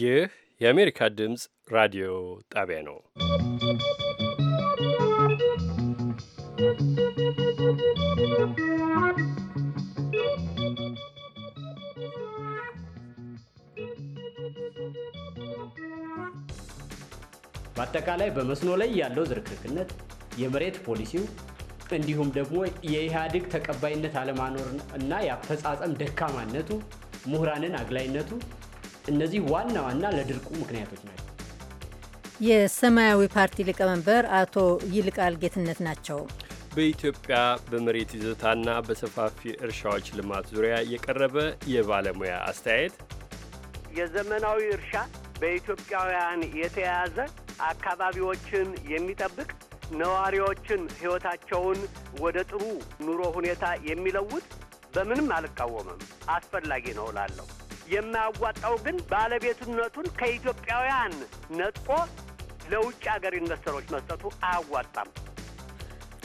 ይህ የአሜሪካ ድምፅ ራዲዮ ጣቢያ ነው። በአጠቃላይ በመስኖ ላይ ያለው ዝርክርክነት፣ የመሬት ፖሊሲው እንዲሁም ደግሞ የኢህአዴግ ተቀባይነት አለማኖር እና የአፈጻጸም ደካማነቱ፣ ምሁራንን አግላይነቱ፣ እነዚህ ዋና ዋና ለድርቁ ምክንያቶች ናቸው። የሰማያዊ ፓርቲ ሊቀመንበር አቶ ይልቃል ጌትነት ናቸው። በኢትዮጵያ በመሬት ይዞታና በሰፋፊ እርሻዎች ልማት ዙሪያ የቀረበ የባለሙያ አስተያየት የዘመናዊ እርሻ በኢትዮጵያውያን የተያያዘ አካባቢዎችን የሚጠብቅ ነዋሪዎችን ሕይወታቸውን ወደ ጥሩ ኑሮ ሁኔታ የሚለውጥ በምንም አልቃወምም፣ አስፈላጊ ነው እላለሁ። የማያዋጣው ግን ባለቤትነቱን ከኢትዮጵያውያን ነጥቆ ለውጭ አገር ኢንቨስተሮች መስጠቱ አያዋጣም።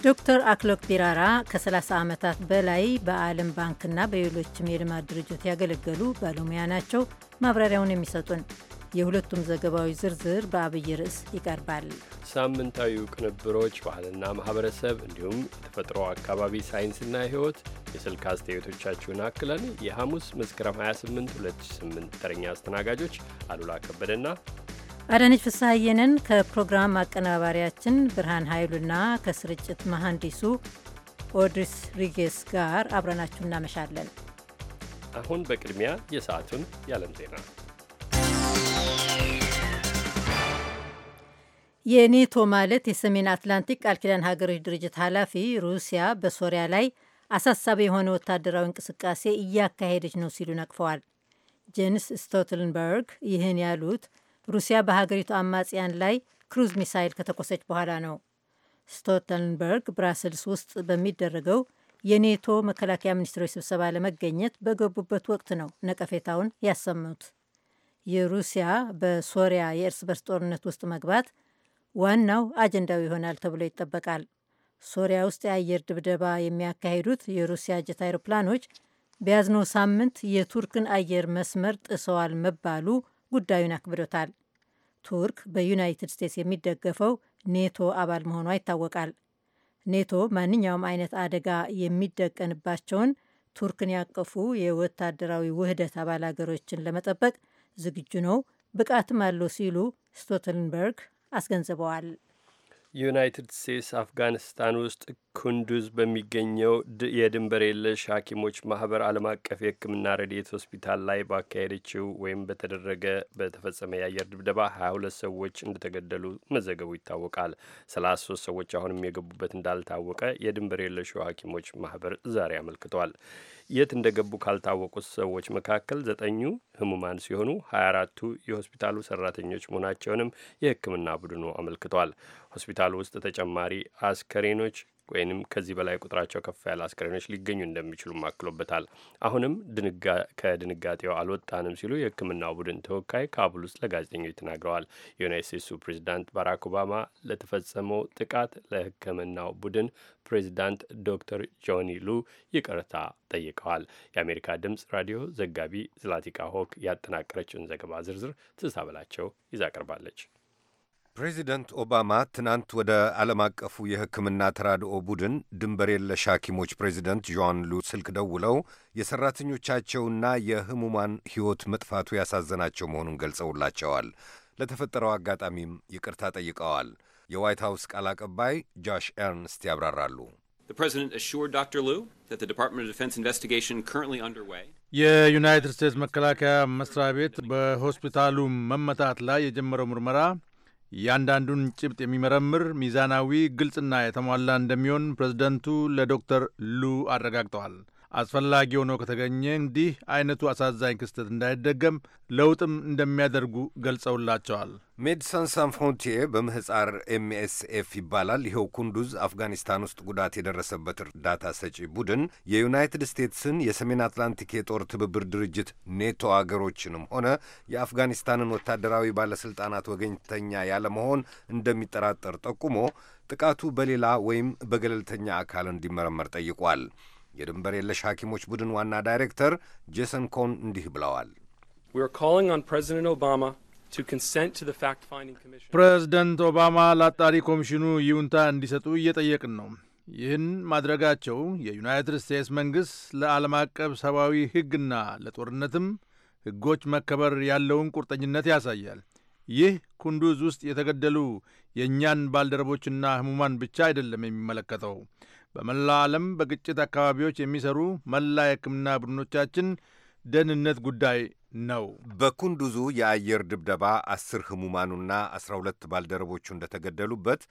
ዶክተር አክሎክ ቢራራ ከ30 ዓመታት በላይ በዓለም ባንክና በሌሎችም የልማት ድርጅት ያገለገሉ ባለሙያ ናቸው። ማብራሪያውን የሚሰጡን የሁለቱም ዘገባዎች ዝርዝር በአብይ ርዕስ ይቀርባል። ሳምንታዊ ቅንብሮች ባህልና ማህበረሰብ፣ እንዲሁም የተፈጥሮ አካባቢ ሳይንስና ሕይወት የስልክ አስተያየቶቻችሁን አክለን የሐሙስ መስከረም 28 2008 ተረኛ አስተናጋጆች አሉላ ከበደና አዳነች ፍስሐየንን ከፕሮግራም አቀናባሪያችን ብርሃን ኃይሉና ከስርጭት መሐንዲሱ ኦድሪስ ሪጌስ ጋር አብረናችሁ እናመሻለን። አሁን በቅድሚያ የሰዓቱን የዓለም ዜና የኔቶ ማለት የሰሜን አትላንቲክ ቃል ኪዳን ሀገሮች ድርጅት ኃላፊ ሩሲያ በሶሪያ ላይ አሳሳቢ የሆነ ወታደራዊ እንቅስቃሴ እያካሄደች ነው ሲሉ ነቅፈዋል። ጄንስ ስቶልተንበርግ ይህን ያሉት ሩሲያ በሀገሪቱ አማጽያን ላይ ክሩዝ ሚሳይል ከተኮሰች በኋላ ነው። ስቶልተንበርግ ብራስልስ ውስጥ በሚደረገው የኔቶ መከላከያ ሚኒስትሮች ስብሰባ ለመገኘት በገቡበት ወቅት ነው ነቀፌታውን ያሰሙት። የሩሲያ በሶሪያ የእርስ በርስ ጦርነት ውስጥ መግባት ዋናው አጀንዳው ይሆናል ተብሎ ይጠበቃል። ሶሪያ ውስጥ የአየር ድብደባ የሚያካሂዱት የሩሲያ ጀት አይሮፕላኖች በያዝነው ሳምንት የቱርክን አየር መስመር ጥሰዋል መባሉ ጉዳዩን አክብዶታል። ቱርክ በዩናይትድ ስቴትስ የሚደገፈው ኔቶ አባል መሆኗ ይታወቃል። ኔቶ ማንኛውም አይነት አደጋ የሚደቀንባቸውን ቱርክን ያቀፉ የወታደራዊ ውህደት አባል ሀገሮችን ለመጠበቅ ዝግጁ ነው፣ ብቃትም አለው ሲሉ ስቶልተንበርግ አስገንዝበዋል። ዩናይትድ ስቴትስ አፍጋኒስታን ውስጥ ኩንዱዝ በሚገኘው የድንበር የለሽ ሐኪሞች ማህበር ዓለም አቀፍ የሕክምና ረድኤት ሆስፒታል ላይ ባካሄደችው ወይም በተደረገ በተፈጸመ የአየር ድብደባ ሁለት ሰዎች እንደተገደሉ መዘገቡ ይታወቃል። ሶስት ሰዎች አሁንም የገቡበት እንዳልታወቀ የድንበር የለሹ ሐኪሞች ማህበር ዛሬ አመልክቷል። የት እንደገቡ ካልታወቁት ሰዎች መካከል ዘጠኙ ህሙማን ሲሆኑ ሀያ አራቱ የሆስፒታሉ ሰራተኞች መሆናቸውንም የሕክምና ቡድኑ አመልክቷል። ሆስፒታሉ ውስጥ ተጨማሪ አስከሬኖች ወይንም ከዚህ በላይ ቁጥራቸው ከፍ ያለ አስክሬኖች ሊገኙ እንደሚችሉ አክሎበታል። አሁንም ከድንጋጤው አልወጣንም ሲሉ የሕክምናው ቡድን ተወካይ ካቡል ውስጥ ለጋዜጠኞች ተናግረዋል። የዩናይት ስቴትሱ ፕሬዚዳንት ባራክ ኦባማ ለተፈጸመው ጥቃት ለሕክምናው ቡድን ፕሬዚዳንት ዶክተር ጆኒ ሉ ይቅርታ ጠይቀዋል። የአሜሪካ ድምጽ ራዲዮ ዘጋቢ ዝላቲካ ሆክ ያጠናቀረችውን ዘገባ ዝርዝር ትሳበላቸው በላቸው ይዛ ቀርባለች። ፕሬዚደንት ኦባማ ትናንት ወደ ዓለም አቀፉ የሕክምና ተራድኦ ቡድን ድንበር የለሽ ሐኪሞች ፕሬዚደንት ዦን ሉ ስልክ ደውለው የሠራተኞቻቸውና የሕሙማን ሕይወት መጥፋቱ ያሳዘናቸው መሆኑን ገልጸውላቸዋል። ለተፈጠረው አጋጣሚም ይቅርታ ጠይቀዋል። የዋይት ሀውስ ቃል አቀባይ ጆሽ ኤርንስት ያብራራሉ። የዩናይትድ ስቴትስ መከላከያ መስሪያ ቤት በሆስፒታሉ መመታት ላይ የጀመረው ምርመራ እያንዳንዱን ጭብጥ የሚመረምር ሚዛናዊ፣ ግልጽና የተሟላ እንደሚሆን ፕሬዝደንቱ ለዶክተር ሉ አረጋግጠዋል። አስፈላጊ ሆኖ ከተገኘ እንዲህ አይነቱ አሳዛኝ ክስተት እንዳይደገም ለውጥም እንደሚያደርጉ ገልጸውላቸዋል። ሜዲሰን ሳን ፍሮንቲር በምህፃር ኤምኤስኤፍ ይባላል። ይኸው ኩንዱዝ አፍጋኒስታን ውስጥ ጉዳት የደረሰበት እርዳታ ሰጪ ቡድን የዩናይትድ ስቴትስን የሰሜን አትላንቲክ የጦር ትብብር ድርጅት ኔቶ አገሮችንም ሆነ የአፍጋኒስታንን ወታደራዊ ባለስልጣናት ወገኝተኛ ያለመሆን እንደሚጠራጠር ጠቁሞ ጥቃቱ በሌላ ወይም በገለልተኛ አካል እንዲመረመር ጠይቋል። የድንበር የለሽ ሐኪሞች ቡድን ዋና ዳይሬክተር ጄሰን ኮን እንዲህ ብለዋል። ፕሬዚደንት ኦባማ ለአጣሪ ኮሚሽኑ ይሁንታ እንዲሰጡ እየጠየቅን ነው። ይህን ማድረጋቸው የዩናይትድ ስቴትስ መንግሥት ለዓለም አቀፍ ሰብአዊ ሕግና ለጦርነትም ሕጎች መከበር ያለውን ቁርጠኝነት ያሳያል። ይህ ኩንዱዝ ውስጥ የተገደሉ የእኛን ባልደረቦችና ሕሙማን ብቻ አይደለም የሚመለከተው በመላ ዓለም በግጭት አካባቢዎች የሚሰሩ መላ የሕክምና ቡድኖቻችን ደህንነት ጉዳይ ነው። በኩንዱዙ የአየር ድብደባ አስር ህሙማኑና አስራ ሁለት ባልደረቦቹ እንደተገደሉበት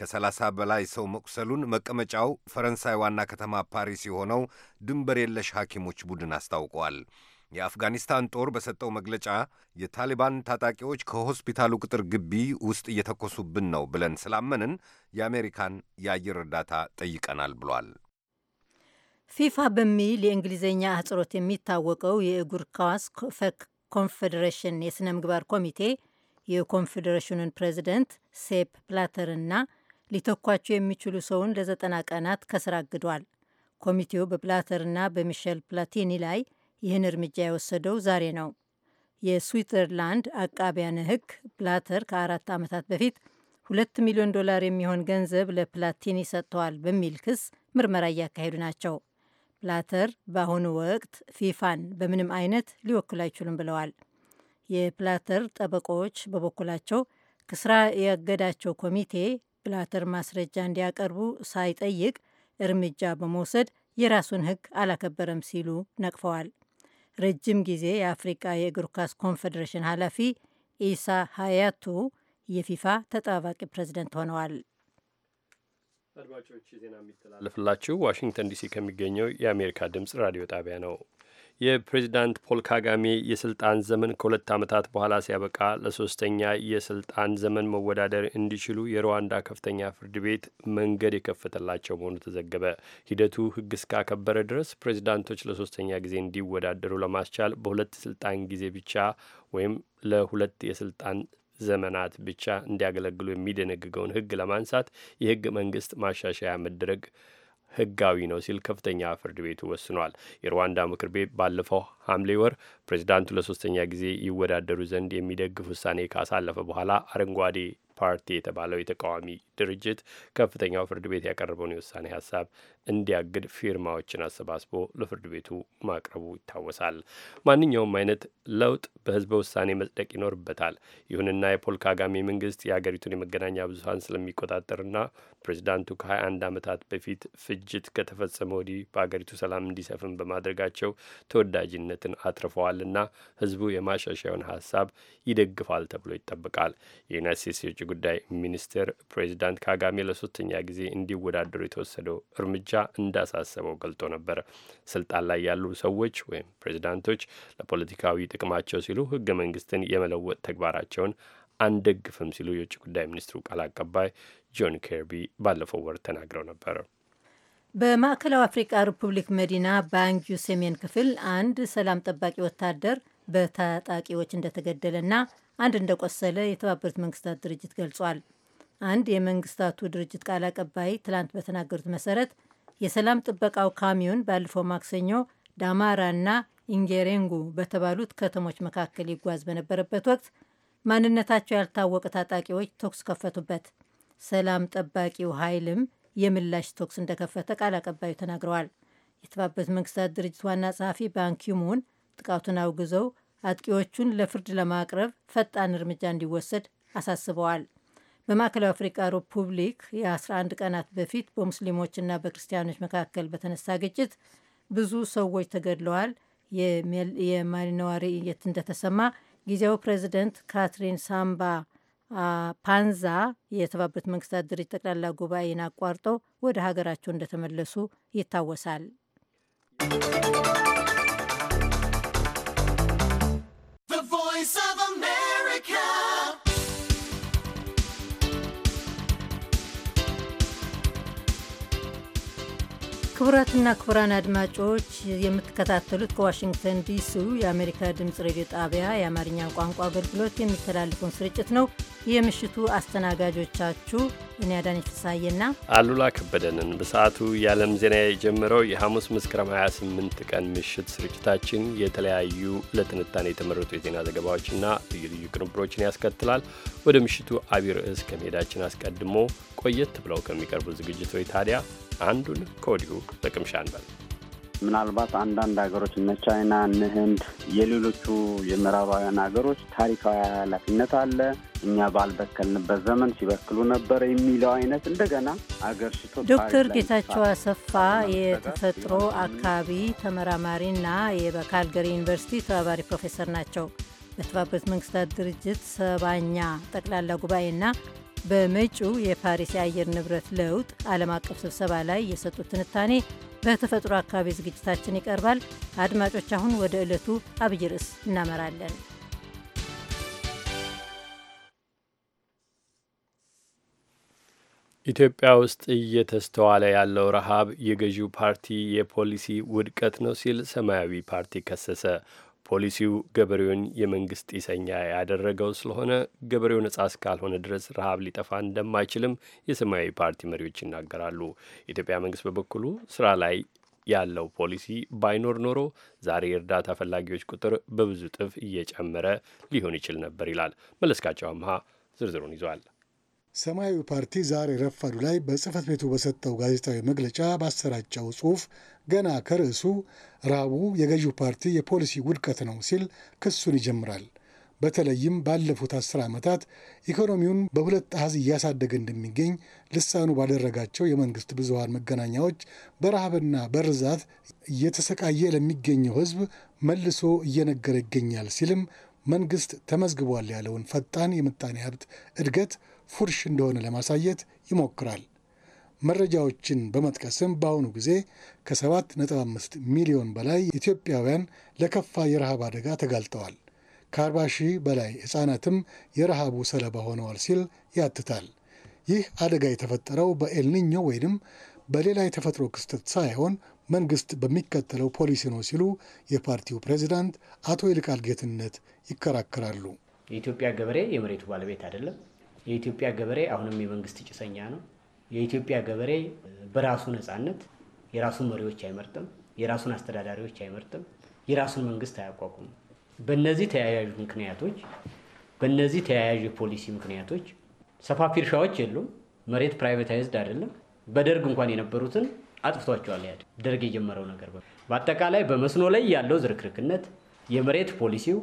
ከ30 በላይ ሰው መቁሰሉን መቀመጫው ፈረንሳይ ዋና ከተማ ፓሪስ የሆነው ድንበር የለሽ ሐኪሞች ቡድን አስታውቋል። የአፍጋኒስታን ጦር በሰጠው መግለጫ የታሊባን ታጣቂዎች ከሆስፒታሉ ቅጥር ግቢ ውስጥ እየተኮሱብን ነው ብለን ስላመንን የአሜሪካን የአየር እርዳታ ጠይቀናል ብሏል። ፊፋ በሚል የእንግሊዝኛ አህጽሮት የሚታወቀው የእግር ኳስ ኮንፌዴሬሽን የሥነ ምግባር ኮሚቴ የኮንፌዴሬሽኑን ፕሬዚደንት ሴፕ ፕላተርና ሊተኳቸው የሚችሉ ሰውን ለዘጠና ቀናት ከስራ አግዷል። ኮሚቴው በፕላተርና በሚሸል ፕላቲኒ ላይ ይህን እርምጃ የወሰደው ዛሬ ነው። የስዊትዘርላንድ አቃቢያነ ሕግ ፕላተር ከአራት ዓመታት በፊት ሁለት ሚሊዮን ዶላር የሚሆን ገንዘብ ለፕላቲኒ ሰጥተዋል በሚል ክስ ምርመራ እያካሄዱ ናቸው። ፕላተር በአሁኑ ወቅት ፊፋን በምንም አይነት ሊወክሉ አይችሉም ብለዋል። የፕላተር ጠበቆች በበኩላቸው ከስራ ያገዳቸው ኮሚቴ ፕላተር ማስረጃ እንዲያቀርቡ ሳይጠይቅ እርምጃ በመውሰድ የራሱን ህግ አላከበረም ሲሉ ነቅፈዋል። ረጅም ጊዜ የአፍሪቃ የእግር ኳስ ኮንፌዴሬሽን ኃላፊ ኢሳ ሀያቱ የፊፋ ተጠባባቂ ፕሬዝደንት ሆነዋል። አድማጮች ዜና የሚተላለፍላችሁ ዋሽንግተን ዲሲ ከሚገኘው የአሜሪካ ድምጽ ራዲዮ ጣቢያ ነው። የፕሬዚዳንት ፖል ካጋሜ የስልጣን ዘመን ከሁለት ዓመታት በኋላ ሲያበቃ ለሶስተኛ የስልጣን ዘመን መወዳደር እንዲችሉ የሩዋንዳ ከፍተኛ ፍርድ ቤት መንገድ የከፈተላቸው መሆኑ ተዘገበ። ሂደቱ ሕግ እስካከበረ ድረስ ፕሬዚዳንቶች ለሶስተኛ ጊዜ እንዲወዳደሩ ለማስቻል በሁለት የስልጣን ጊዜ ብቻ ወይም ለሁለት የስልጣን ዘመናት ብቻ እንዲያገለግሉ የሚደነግገውን ሕግ ለማንሳት የህግ መንግስት ማሻሻያ መደረግ ህጋዊ ነው ሲል ከፍተኛ ፍርድ ቤቱ ወስኗል። የሩዋንዳ ምክር ቤት ባለፈው ሐምሌ ወር ፕሬዚዳንቱ ለሶስተኛ ጊዜ ይወዳደሩ ዘንድ የሚደግፍ ውሳኔ ካሳለፈ በኋላ አረንጓዴ ፓርቲ የተባለው የተቃዋሚ ድርጅት ከፍተኛው ፍርድ ቤት ያቀረበውን የውሳኔ ሀሳብ እንዲያግድ ፊርማዎችን አሰባስቦ ለፍርድ ቤቱ ማቅረቡ ይታወሳል። ማንኛውም አይነት ለውጥ በህዝበ ውሳኔ መጽደቅ ይኖርበታል። ይሁንና የፖል ካጋሜ መንግስት የአገሪቱን የመገናኛ ብዙሀን ስለሚቆጣጠርና ፕሬዚዳንቱ ከ21 ዓመታት በፊት ፍጅት ከተፈጸመ ወዲህ በአገሪቱ ሰላም እንዲሰፍን በማድረጋቸው ተወዳጅነትን አትርፈዋልና ህዝቡ የማሻሻያውን ሀሳብ ይደግፋል ተብሎ ይጠበቃል። የዩናይት ስቴትስ የውጭ ጉዳይ ሚኒስቴር ፕሬዚዳንት ካጋሜ ለሶስተኛ ጊዜ እንዲወዳደሩ የተወሰደው እርምጃ እንዳሳሰበው ገልጦ ነበር። ስልጣን ላይ ያሉ ሰዎች ወይም ፕሬዚዳንቶች ለፖለቲካዊ ጥቅማቸው ሲሉ ህገ መንግስትን የመለወጥ ተግባራቸውን አንደግፍም ሲሉ የውጭ ጉዳይ ሚኒስትሩ ቃል አቀባይ ጆን ኬርቢ ባለፈው ወር ተናግረው ነበር። በማዕከላዊ አፍሪቃ ሪፑብሊክ መዲና ባንጊ ሰሜን ክፍል አንድ ሰላም ጠባቂ ወታደር በታጣቂዎች እንደተገደለና አንድ እንደቆሰለ የተባበሩት መንግስታት ድርጅት ገልጿል። አንድ የመንግስታቱ ድርጅት ቃል አቀባይ ትላንት በተናገሩት መሰረት የሰላም ጥበቃው ካሚዮን ባለፈው ማክሰኞ ዳማራና ኢንጌሬንጉ በተባሉት ከተሞች መካከል ይጓዝ በነበረበት ወቅት ማንነታቸው ያልታወቀ ታጣቂዎች ተኩስ ከፈቱበት። ሰላም ጠባቂው ኃይልም የምላሽ ተኩስ እንደከፈተ ቃል አቀባዩ ተናግረዋል። የተባበሩት መንግስታት ድርጅት ዋና ጸሐፊ ባንኪሙን ጥቃቱን አውግዘው አጥቂዎቹን ለፍርድ ለማቅረብ ፈጣን እርምጃ እንዲወሰድ አሳስበዋል። በማዕከላዊ አፍሪካ ሪፑብሊክ የ11 ቀናት በፊት በሙስሊሞችና በክርስቲያኖች መካከል በተነሳ ግጭት ብዙ ሰዎች ተገድለዋል። የማሊ ነዋሪ የት እንደተሰማ ጊዜያዊ ፕሬዚደንት ካትሪን ሳምባ ፓንዛ የተባበሩት መንግስታት ድርጅት ጠቅላላ ጉባኤን አቋርጠው ወደ ሀገራቸው እንደተመለሱ ይታወሳል። ክቡራትና ክቡራን አድማጮች የምትከታተሉት ከዋሽንግተን ዲሲው የአሜሪካ ድምፅ ሬዲዮ ጣቢያ የአማርኛ ቋንቋ አገልግሎት የሚተላለፈውን ስርጭት ነው። የምሽቱ አስተናጋጆቻችሁ እኔ አዳነች ፍስሐዬና አሉላ ከበደንን። በሰዓቱ የዓለም ዜና የጀመረው የሐሙስ መስከረም 28 ቀን ምሽት ስርጭታችን የተለያዩ ለትንታኔ የተመረጡ የዜና ዘገባዎችና ልዩ ልዩ ቅንብሮችን ያስከትላል። ወደ ምሽቱ አቢይ ርዕስ ከመሄዳችን አስቀድሞ ቆየት ብለው ከሚቀርቡ ዝግጅቶች ታዲያ አንዱን ከወዲሁ በቅምሻ እንበል። ምናልባት አንዳንድ ሀገሮች እነ ቻይና፣ እነ ህንድ፣ የሌሎቹ የምዕራባውያን ሀገሮች ታሪካዊ ኃላፊነት አለ። እኛ ባልበከልንበት ዘመን ሲበክሉ ነበር የሚለው አይነት እንደገና አገር ሽቶ ዶክተር ጌታቸው አሰፋ የተፈጥሮ አካባቢ ተመራማሪና የበካልገሪ ዩኒቨርሲቲ ተባባሪ ፕሮፌሰር ናቸው። በተባበሩት መንግስታት ድርጅት ሰባኛ ጠቅላላ ጉባኤና በመጪው የፓሪስ የአየር ንብረት ለውጥ ዓለም አቀፍ ስብሰባ ላይ የሰጡት ትንታኔ በተፈጥሮ አካባቢ ዝግጅታችን ይቀርባል። አድማጮች፣ አሁን ወደ ዕለቱ አብይ ርዕስ እናመራለን። ኢትዮጵያ ውስጥ እየተስተዋለ ያለው ረሃብ የገዢው ፓርቲ የፖሊሲ ውድቀት ነው ሲል ሰማያዊ ፓርቲ ከሰሰ። ፖሊሲው ገበሬውን የመንግስት ጢሰኛ ያደረገው ስለሆነ ገበሬው ነጻ እስካልሆነ ድረስ ረሃብ ሊጠፋ እንደማይችልም የሰማያዊ ፓርቲ መሪዎች ይናገራሉ። የኢትዮጵያ መንግስት በበኩሉ ስራ ላይ ያለው ፖሊሲ ባይኖር ኖሮ ዛሬ የእርዳታ ፈላጊዎች ቁጥር በብዙ ጥፍ እየጨመረ ሊሆን ይችል ነበር ይላል። መለስካቸው አምሃ ዝርዝሩን ይዟል። ሰማያዊ ፓርቲ ዛሬ ረፋዱ ላይ በጽህፈት ቤቱ በሰጠው ጋዜጣዊ መግለጫ ባሰራጨው ጽሁፍ ገና ከርዕሱ ረሃቡ የገዢው ፓርቲ የፖሊሲ ውድቀት ነው ሲል ክሱን ይጀምራል። በተለይም ባለፉት አስር ዓመታት ኢኮኖሚውን በሁለት አሃዝ እያሳደገ እንደሚገኝ ልሳኑ ባደረጋቸው የመንግስት ብዙሃን መገናኛዎች በረሃብና በርዛት እየተሰቃየ ለሚገኘው ህዝብ መልሶ እየነገረ ይገኛል ሲልም መንግስት ተመዝግቧል ያለውን ፈጣን የምጣኔ ሀብት እድገት ፉርሽ እንደሆነ ለማሳየት ይሞክራል። መረጃዎችን በመጥቀስም በአሁኑ ጊዜ ከ7.5 ሚሊዮን በላይ ኢትዮጵያውያን ለከፋ የረሃብ አደጋ ተጋልጠዋል፣ ከ40 ሺህ በላይ ሕፃናትም የረሃቡ ሰለባ ሆነዋል ሲል ያትታል። ይህ አደጋ የተፈጠረው በኤልኒኞ ወይንም በሌላ የተፈጥሮ ክስተት ሳይሆን መንግስት በሚከተለው ፖሊሲ ነው ሲሉ የፓርቲው ፕሬዚዳንት አቶ ይልቃል ጌትነት ይከራከራሉ። የኢትዮጵያ ገበሬ የመሬቱ ባለቤት አይደለም። የኢትዮጵያ ገበሬ አሁንም የመንግስት ጭሰኛ ነው። የኢትዮጵያ ገበሬ በራሱ ነፃነት የራሱን መሪዎች አይመርጥም፣ የራሱን አስተዳዳሪዎች አይመርጥም፣ የራሱን መንግስት አያቋቁም። በእነዚህ ተያያዥ ምክንያቶች በእነዚህ ተያያዥ የፖሊሲ ምክንያቶች ሰፋፊ እርሻዎች የሉም። መሬት ፕራይቬታይዝድ አይደለም። በደርግ እንኳን የነበሩትን አጥፍቷቸዋል። ያድ ደርግ የጀመረው ነገር በአጠቃላይ በመስኖ ላይ ያለው ዝርክርክነት የመሬት ፖሊሲው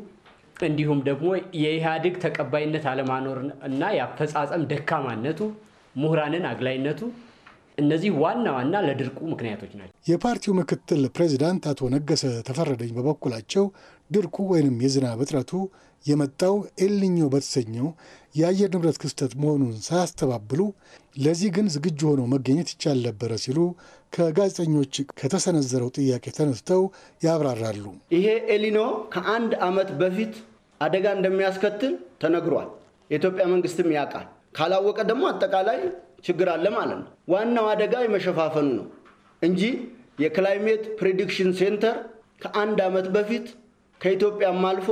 እንዲሁም ደግሞ የኢህአዴግ ተቀባይነት አለማኖር እና የአፈጻጸም ደካማነቱ፣ ምሁራንን አግላይነቱ እነዚህ ዋና ዋና ለድርቁ ምክንያቶች ናቸው። የፓርቲው ምክትል ፕሬዚዳንት አቶ ነገሰ ተፈረደኝ በበኩላቸው ድርቁ ወይንም የዝናብ እጥረቱ የመጣው ኤልኒኞ በተሰኘው የአየር ንብረት ክስተት መሆኑን ሳያስተባብሉ ለዚህ ግን ዝግጁ ሆነው መገኘት ይቻል ነበረ ሲሉ ከጋዜጠኞች ከተሰነዘረው ጥያቄ ተነስተው ያብራራሉ። ይሄ ኤሊኖ ከአንድ ዓመት በፊት አደጋ እንደሚያስከትል ተነግሯል። የኢትዮጵያ መንግስትም ያውቃል። ካላወቀ ደግሞ አጠቃላይ ችግር አለ ማለት ነው። ዋናው አደጋ የመሸፋፈኑ ነው እንጂ የክላይሜት ፕሬዲክሽን ሴንተር ከአንድ ዓመት በፊት ከኢትዮጵያም አልፎ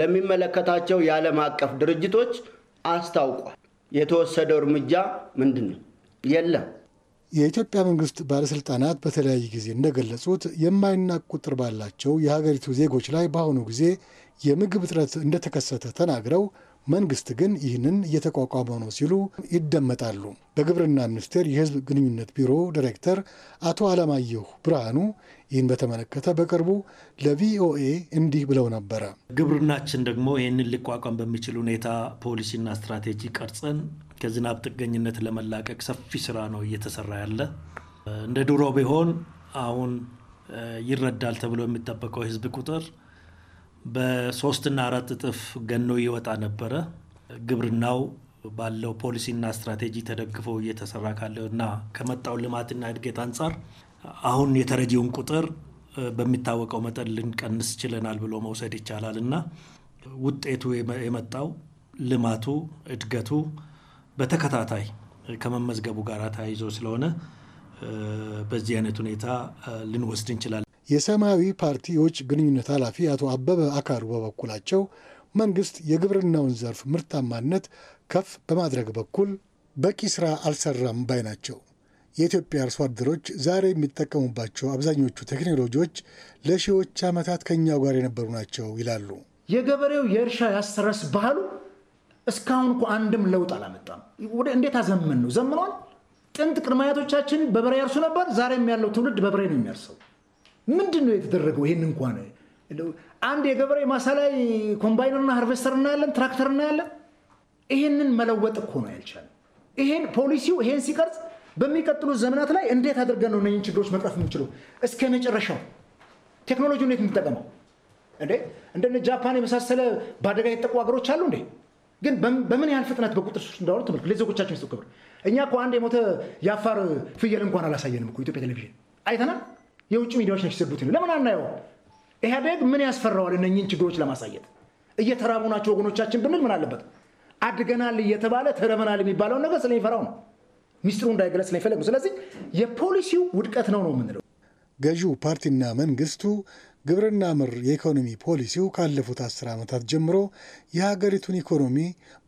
ለሚመለከታቸው የዓለም አቀፍ ድርጅቶች አስታውቋል። የተወሰደው እርምጃ ምንድን ነው? የለም። የኢትዮጵያ መንግስት ባለስልጣናት በተለያየ ጊዜ እንደገለጹት የማይናቅ ቁጥር ባላቸው የሀገሪቱ ዜጎች ላይ በአሁኑ ጊዜ የምግብ እጥረት እንደተከሰተ ተናግረው መንግስት ግን ይህንን እየተቋቋመ ነው ሲሉ ይደመጣሉ። በግብርና ሚኒስቴር የህዝብ ግንኙነት ቢሮ ዲሬክተር አቶ አለማየሁ ብርሃኑ ይህን በተመለከተ በቅርቡ ለቪኦኤ እንዲህ ብለው ነበረ። ግብርናችን ደግሞ ይህንን ሊቋቋም በሚችል ሁኔታ ፖሊሲና ስትራቴጂ ቀርጸን ከዝናብ ጥገኝነት ለመላቀቅ ሰፊ ስራ ነው እየተሰራ ያለ። እንደ ድሮ ቢሆን አሁን ይረዳል ተብሎ የሚጠበቀው የህዝብ ቁጥር በሶስትና አራት እጥፍ ገኖ ይወጣ ነበረ። ግብርናው ባለው ፖሊሲና ስትራቴጂ ተደግፎ እየተሰራ ካለው እና ከመጣው ልማትና እድገት አንጻር አሁን የተረጂውን ቁጥር በሚታወቀው መጠን ልንቀንስ ችለናል ብሎ መውሰድ ይቻላል እና ውጤቱ የመጣው ልማቱ፣ እድገቱ በተከታታይ ከመመዝገቡ ጋር ተያይዞ ስለሆነ በዚህ አይነት ሁኔታ ልንወስድ እንችላለን። የሰማያዊ ፓርቲ የውጭ ግንኙነት ኃላፊ አቶ አበበ አካሉ በበኩላቸው መንግስት የግብርናውን ዘርፍ ምርታማነት ከፍ በማድረግ በኩል በቂ ስራ አልሰራም ባይ ናቸው። የኢትዮጵያ አርሶ አደሮች ዛሬ የሚጠቀሙባቸው አብዛኞቹ ቴክኖሎጂዎች ለሺዎች ዓመታት ከኛው ጋር የነበሩ ናቸው ይላሉ። የገበሬው የእርሻ ያሰረስ ባህሉ እስካሁን እኮ አንድም ለውጥ አላመጣም። ወደ እንዴት አዘመን ነው ዘምኗል። ጥንት ቅድማያቶቻችን በበሬ ያርሱ ነበር። ዛሬም ያለው ትውልድ በበሬ ነው የሚያርሰው። ምንድን ነው የተደረገው? ይህን እንኳን አንድ የገበሬ ማሳ ላይ ኮምባይነርና ሃርቨስተር እናያለን፣ ትራክተር እናያለን። ይህንን መለወጥ እኮ ነው ያልቻለ። ይሄን ፖሊሲው ይሄን ሲቀርጽ በሚቀጥሉት ዘመናት ላይ እንዴት አድርገን ነው እነኝን ችግሮች መቅረፍ የምንችለው? እስከ መጨረሻው ቴክኖሎጂ እንዴት እንጠቀመው? እንዴ እንደነ ጃፓን የመሳሰለ በአደጋ የተጠቁ ሀገሮች አሉ እንዴ? ግን በምን ያህል ፍጥነት በቁጥር ሶች እንዳወሩ ትምህርት ለዜጎቻችን ስ ክብር። እኛ እኮ አንድ የሞተ የአፋር ፍየል እንኳን አላሳየንም እኮ ኢትዮጵያ ቴሌቪዥን አይተናል። የውጭ ሚዲያዎች ናቸው ሲዘጉት። ለምን አናየው? ኢህአዴግ ምን ያስፈራዋል? እነኝን ችግሮች ለማሳየት እየተራቡ ናቸው ወገኖቻችን ብንል ምን አለበት? አድገናል እየተባለ ተረበናል የሚባለውን ነገር ስለሚፈራው ነው። ሚስጥሩ እንዳይገለጽ ነው የፈለጉ። ስለዚህ የፖሊሲው ውድቀት ነው ነው የምንለው። ገዢው ፓርቲና መንግስቱ ግብርና ምር የኢኮኖሚ ፖሊሲው ካለፉት አስር ዓመታት ጀምሮ የሀገሪቱን ኢኮኖሚ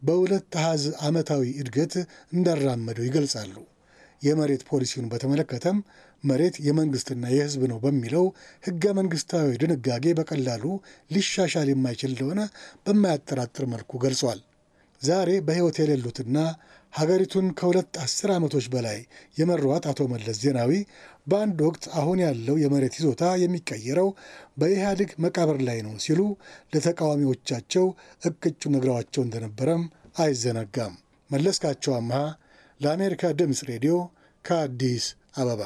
በሁለት አሃዝ ዓመታዊ እድገት እንዳራመደው ይገልጻሉ። የመሬት ፖሊሲውን በተመለከተም መሬት የመንግስትና የሕዝብ ነው በሚለው ህገ መንግስታዊ ድንጋጌ በቀላሉ ሊሻሻል የማይችል እንደሆነ በማያጠራጥር መልኩ ገልጿል። ዛሬ በሕይወት የሌሉትና ሀገሪቱን ከሁለት አስር ዓመቶች በላይ የመሯት አቶ መለስ ዜናዊ በአንድ ወቅት አሁን ያለው የመሬት ይዞታ የሚቀየረው በኢህአዴግ መቃብር ላይ ነው ሲሉ ለተቃዋሚዎቻቸው እቅጩ ነግረዋቸው እንደነበረም አይዘነጋም። መለስካቸው አምሃ ለአሜሪካ ድምፅ ሬዲዮ ከአዲስ አበባ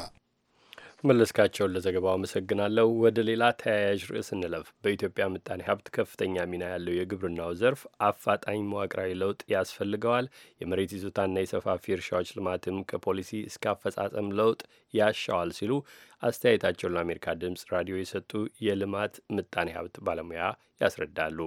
መለስካቸውን ለዘገባው አመሰግናለሁ። ወደ ሌላ ተያያዥ ርዕስ እንለፍ። በኢትዮጵያ ምጣኔ ሀብት ከፍተኛ ሚና ያለው የግብርናው ዘርፍ አፋጣኝ መዋቅራዊ ለውጥ ያስፈልገዋል። የመሬት ይዞታና የሰፋፊ እርሻዎች ልማትም ከፖሊሲ እስከ አፈጻጸም ለውጥ ያሻዋል ሲሉ አስተያየታቸውን ለአሜሪካ ድምፅ ራዲዮ የሰጡ የልማት ምጣኔ ሀብት ባለሙያ ያስረዳሉ።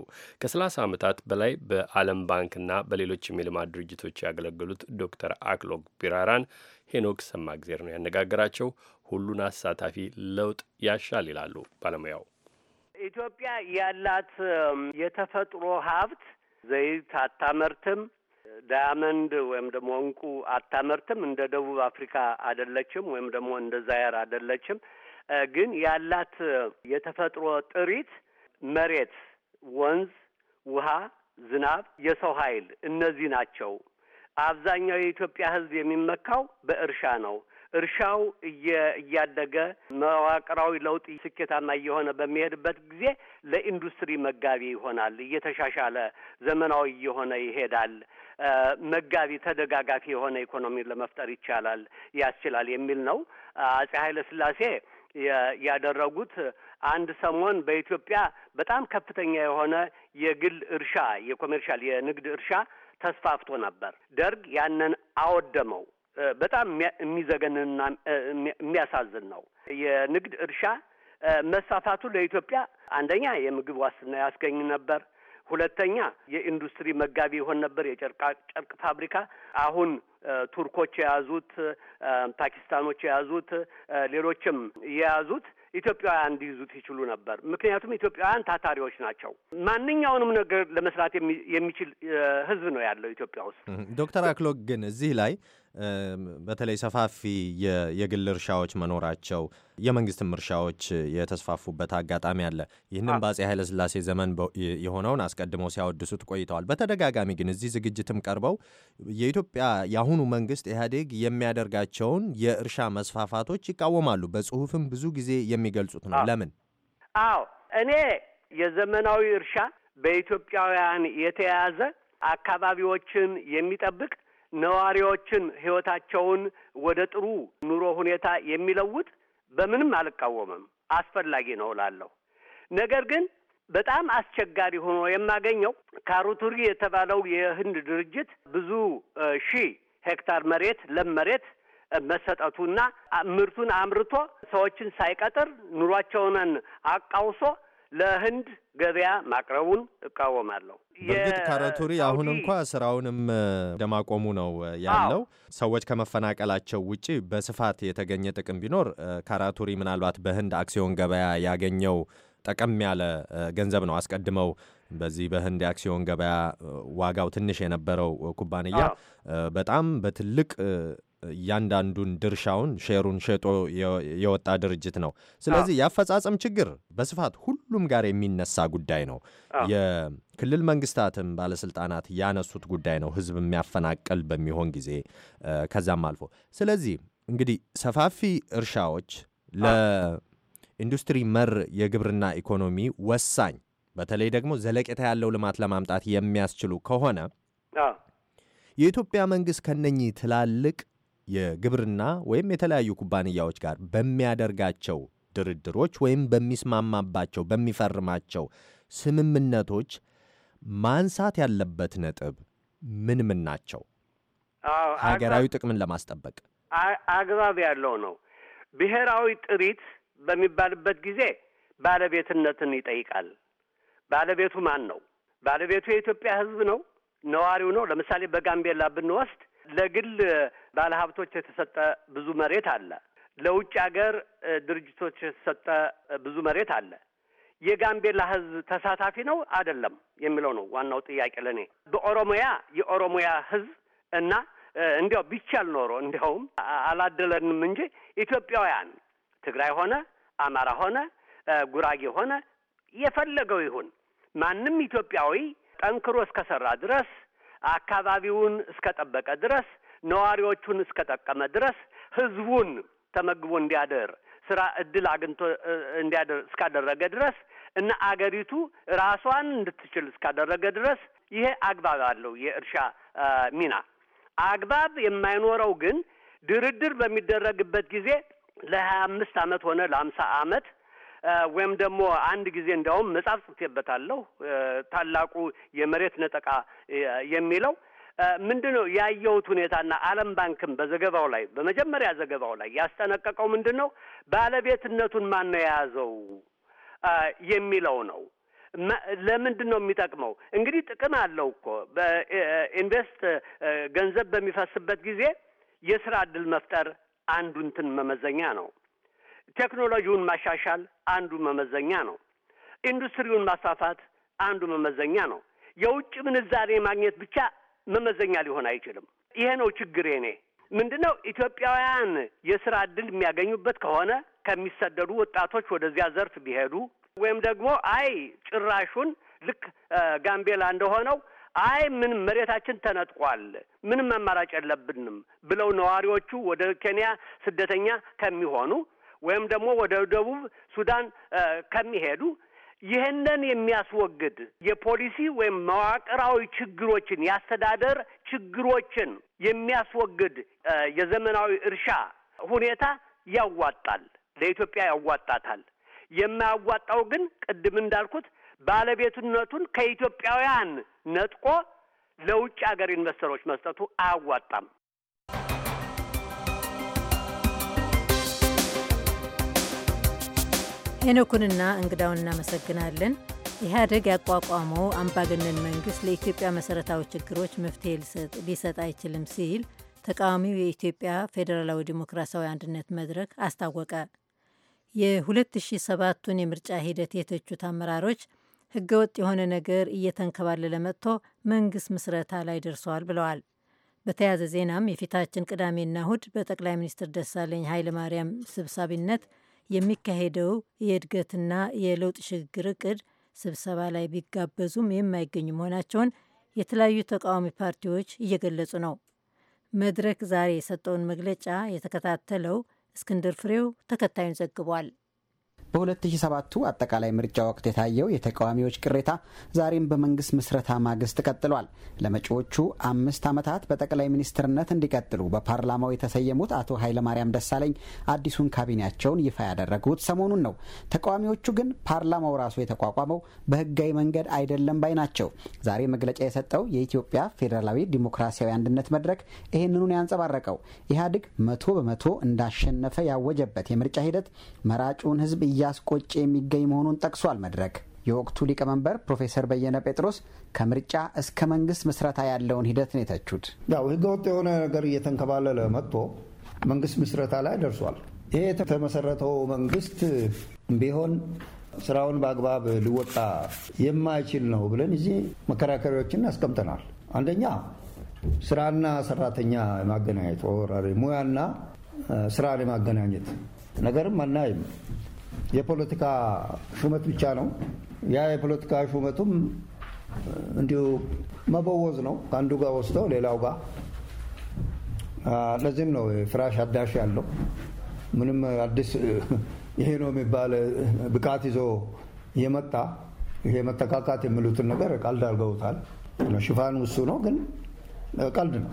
ከ30 ዓመታት በላይ በዓለም ባንክና በሌሎችም የልማት ድርጅቶች ያገለገሉት ዶክተር አክሎግ ቢራራን ሄኖክ ሰማግዜር ነው ያነጋገራቸው። ሁሉን አሳታፊ ለውጥ ያሻል ይላሉ ባለሙያው። ኢትዮጵያ ያላት የተፈጥሮ ሀብት ዘይት አታመርትም፣ ዳያመንድ ወይም ደግሞ እንቁ አታመርትም። እንደ ደቡብ አፍሪካ አይደለችም፣ ወይም ደግሞ እንደ ዛየር አይደለችም። ግን ያላት የተፈጥሮ ጥሪት መሬት፣ ወንዝ፣ ውሃ፣ ዝናብ፣ የሰው ኃይል እነዚህ ናቸው። አብዛኛው የኢትዮጵያ ሕዝብ የሚመካው በእርሻ ነው። እርሻው እያደገ መዋቅራዊ ለውጥ ስኬታማ እየሆነ በሚሄድበት ጊዜ ለኢንዱስትሪ መጋቢ ይሆናል። እየተሻሻለ ዘመናዊ እየሆነ ይሄዳል። መጋቢ ተደጋጋፊ የሆነ ኢኮኖሚ ለመፍጠር ይቻላል ያስችላል የሚል ነው። አጼ ኃይለ ስላሴ ያደረጉት አንድ ሰሞን በኢትዮጵያ በጣም ከፍተኛ የሆነ የግል እርሻ የኮሜርሻል የንግድ እርሻ ተስፋፍቶ ነበር። ደርግ ያንን አወደመው። በጣም የሚዘገንና የሚያሳዝን ነው። የንግድ እርሻ መስፋፋቱ ለኢትዮጵያ አንደኛ የምግብ ዋስትና ያስገኝ ነበር። ሁለተኛ የኢንዱስትሪ መጋቢ ይሆን ነበር። የጨርቃ ጨርቅ ፋብሪካ አሁን ቱርኮች የያዙት፣ ፓኪስታኖች የያዙት፣ ሌሎችም የያዙት ኢትዮጵያውያን እንዲይዙት ይችሉ ነበር። ምክንያቱም ኢትዮጵያውያን ታታሪዎች ናቸው። ማንኛውንም ነገር ለመስራት የሚችል ሕዝብ ነው ያለው ኢትዮጵያ ውስጥ። ዶክተር አክሎግ ግን እዚህ ላይ በተለይ ሰፋፊ የግል እርሻዎች መኖራቸው የመንግስትም እርሻዎች የተስፋፉበት አጋጣሚ አለ። ይህንም በአጼ ኃይለስላሴ ዘመን የሆነውን አስቀድመው ሲያወድሱት ቆይተዋል። በተደጋጋሚ ግን እዚህ ዝግጅትም ቀርበው የኢትዮጵያ የአሁኑ መንግስት ኢህአዴግ የሚያደርጋቸውን የእርሻ መስፋፋቶች ይቃወማሉ። በጽሁፍም ብዙ ጊዜ የሚገልጹት ነው። ለምን? አዎ እኔ የዘመናዊ እርሻ በኢትዮጵያውያን የተያዘ አካባቢዎችን የሚጠብቅ ነዋሪዎችን ህይወታቸውን ወደ ጥሩ ኑሮ ሁኔታ የሚለውጥ በምንም አልቃወምም፣ አስፈላጊ ነው እላለሁ። ነገር ግን በጣም አስቸጋሪ ሆኖ የማገኘው ካሩቱሪ የተባለው የህንድ ድርጅት ብዙ ሺህ ሄክታር መሬት ለም መሬት መሰጠቱና ምርቱን አምርቶ ሰዎችን ሳይቀጥር ኑሯቸውን አቃውሶ ለህንድ ገበያ ማቅረቡን እቃወማለሁ። በእርግጥ ካረቱሪ አሁን እንኳ ስራውንም ደማቆሙ ነው ያለው። ሰዎች ከመፈናቀላቸው ውጪ በስፋት የተገኘ ጥቅም ቢኖር ካራቱሪ ምናልባት በህንድ አክሲዮን ገበያ ያገኘው ጠቀም ያለ ገንዘብ ነው። አስቀድመው በዚህ በህንድ የአክሲዮን ገበያ ዋጋው ትንሽ የነበረው ኩባንያ በጣም በትልቅ እያንዳንዱን ድርሻውን ሼሩን ሸጦ የወጣ ድርጅት ነው። ስለዚህ የአፈጻጸም ችግር በስፋት ሁሉም ጋር የሚነሳ ጉዳይ ነው። የክልል መንግስታትም ባለስልጣናት ያነሱት ጉዳይ ነው። ህዝብ የሚያፈናቀል በሚሆን ጊዜ ከዛም አልፎ ስለዚህ እንግዲህ ሰፋፊ እርሻዎች ለኢንዱስትሪ መር የግብርና ኢኮኖሚ ወሳኝ በተለይ ደግሞ ዘለቄታ ያለው ልማት ለማምጣት የሚያስችሉ ከሆነ የኢትዮጵያ መንግስት ከነኚህ ትላልቅ የግብርና ወይም የተለያዩ ኩባንያዎች ጋር በሚያደርጋቸው ድርድሮች ወይም በሚስማማባቸው በሚፈርማቸው ስምምነቶች ማንሳት ያለበት ነጥብ ምን ምን ናቸው? ሀገራዊ ጥቅምን ለማስጠበቅ አግባብ ያለው ነው። ብሔራዊ ጥሪት በሚባልበት ጊዜ ባለቤትነትን ይጠይቃል። ባለቤቱ ማን ነው? ባለቤቱ የኢትዮጵያ ሕዝብ ነው? ነዋሪው ነው? ለምሳሌ በጋምቤላ ብንወስድ ለግል ባለሀብቶች የተሰጠ ብዙ መሬት አለ። ለውጭ ሀገር ድርጅቶች የተሰጠ ብዙ መሬት አለ። የጋምቤላ ህዝብ ተሳታፊ ነው አይደለም የሚለው ነው ዋናው ጥያቄ ለእኔ። በኦሮሞያ የኦሮሞያ ህዝብ እና እንዲያው ቢቻል ኖሮ እንዲያውም አላደለንም እንጂ ኢትዮጵያውያን ትግራይ ሆነ አማራ ሆነ ጉራጌ ሆነ የፈለገው ይሁን ማንም ኢትዮጵያዊ ጠንክሮ እስከሰራ ድረስ አካባቢውን እስከጠበቀ ድረስ ነዋሪዎቹን እስከጠቀመ ድረስ ህዝቡን ተመግቦ እንዲያደር ስራ እድል አግኝቶ እንዲያደር እስካደረገ ድረስ እና አገሪቱ ራሷን እንድትችል እስካደረገ ድረስ ይሄ አግባብ አለው የእርሻ ሚና። አግባብ የማይኖረው ግን ድርድር በሚደረግበት ጊዜ ለሀያ አምስት አመት ሆነ ለአምሳ አመት ወይም ደግሞ አንድ ጊዜ እንዲያውም መጽሐፍ ጽፌበታለሁ ታላቁ የመሬት ነጠቃ የሚለው ምንድን ነው ያየሁት ሁኔታና ዓለም ባንክም በዘገባው ላይ በመጀመሪያ ዘገባው ላይ ያስጠነቀቀው ምንድን ነው ባለቤትነቱን ማን የያዘው የሚለው ነው። ለምንድን ነው የሚጠቅመው? እንግዲህ ጥቅም አለው እኮ በኢንቨስት ገንዘብ በሚፈስበት ጊዜ የስራ እድል መፍጠር አንዱ እንትን መመዘኛ ነው። ቴክኖሎጂውን ማሻሻል አንዱ መመዘኛ ነው። ኢንዱስትሪውን ማስፋፋት አንዱ መመዘኛ ነው። የውጭ ምንዛሬ ማግኘት ብቻ መመዘኛ ሊሆን አይችልም። ይሄ ነው ችግር። የኔ ምንድን ነው ኢትዮጵያውያን የስራ እድል የሚያገኙበት ከሆነ ከሚሰደዱ ወጣቶች ወደዚያ ዘርፍ ቢሄዱ ወይም ደግሞ አይ ጭራሹን ልክ ጋምቤላ እንደሆነው አይ ምን መሬታችን ተነጥቋል፣ ምንም አማራጭ የለብንም ብለው ነዋሪዎቹ ወደ ኬንያ ስደተኛ ከሚሆኑ ወይም ደግሞ ወደ ደቡብ ሱዳን ከሚሄዱ ይህንን የሚያስወግድ የፖሊሲ ወይም መዋቅራዊ ችግሮችን የአስተዳደር ችግሮችን የሚያስወግድ የዘመናዊ እርሻ ሁኔታ ያዋጣል፣ ለኢትዮጵያ ያዋጣታል። የማያዋጣው ግን ቅድም እንዳልኩት ባለቤትነቱን ከኢትዮጵያውያን ነጥቆ ለውጭ ሀገር ኢንቨስተሮች መስጠቱ አያዋጣም። ሄኖኩንና እንግዳውን እናመሰግናለን። ኢህአደግ ያቋቋመው አምባገነን መንግስት ለኢትዮጵያ መሰረታዊ ችግሮች መፍትሄ ሊሰጥ አይችልም ሲል ተቃዋሚው የኢትዮጵያ ፌዴራላዊ ዲሞክራሲያዊ አንድነት መድረክ አስታወቀ። የ2007ቱን የምርጫ ሂደት የተቹት አመራሮች ህገወጥ የሆነ ነገር እየተንከባለለ መጥቶ መንግስት ምስረታ ላይ ደርሰዋል ብለዋል። በተያያዘ ዜናም የፊታችን ቅዳሜና እሁድ በጠቅላይ ሚኒስትር ደሳለኝ ኃይለማርያም ሰብሳቢነት የሚካሄደው የእድገትና የለውጥ ሽግግር እቅድ ስብሰባ ላይ ቢጋበዙም የማይገኙ መሆናቸውን የተለያዩ ተቃዋሚ ፓርቲዎች እየገለጹ ነው። መድረክ ዛሬ የሰጠውን መግለጫ የተከታተለው እስክንድር ፍሬው ተከታዩን ዘግቧል። በ2007ቱ አጠቃላይ ምርጫ ወቅት የታየው የተቃዋሚዎች ቅሬታ ዛሬም በመንግስት ምስረታ ማግስት ቀጥሏል። ለመጪዎቹ አምስት ዓመታት በጠቅላይ ሚኒስትርነት እንዲቀጥሉ በፓርላማው የተሰየሙት አቶ ኃይለማርያም ደሳለኝ አዲሱን ካቢኔያቸውን ይፋ ያደረጉት ሰሞኑን ነው። ተቃዋሚዎቹ ግን ፓርላማው ራሱ የተቋቋመው በህጋዊ መንገድ አይደለም ባይ ናቸው። ዛሬ መግለጫ የሰጠው የኢትዮጵያ ፌዴራላዊ ዲሞክራሲያዊ አንድነት መድረክ ይህንኑን ያንጸባረቀው ኢህአዴግ መቶ በመቶ እንዳሸነፈ ያወጀበት የምርጫ ሂደት መራጩን ህዝብ እያስቆጭ የሚገኝ መሆኑን ጠቅሷል መድረክ። የወቅቱ ሊቀመንበር ፕሮፌሰር በየነ ጴጥሮስ ከምርጫ እስከ መንግስት ምስረታ ያለውን ሂደት ነው የተቹት። ያው ህገወጥ የሆነ ነገር እየተንከባለለ መጥቶ መንግስት ምስረታ ላይ ደርሷል። ይህ የተመሰረተው መንግስት ቢሆን ስራውን በአግባብ ሊወጣ የማይችል ነው ብለን እዚህ መከራከሪያዎችን አስቀምጠናል። አንደኛ ስራና ሰራተኛ የማገናኘት ሙያና ስራን የማገናኘት ነገርም አናይም። የፖለቲካ ሹመት ብቻ ነው። ያ የፖለቲካ ሹመቱም እንዲሁ መበወዝ ነው። ከአንዱ ጋር ወስደው ሌላው ጋር። ለዚህም ነው ፍራሽ አዳሽ ያለው። ምንም አዲስ ይሄ ነው የሚባል ብቃት ይዞ እየመጣ ይሄ መተካካት የሚሉትን ነገር ቀልድ አድርገውታል። ሽፋኑ እሱ ነው፣ ግን ቀልድ ነው።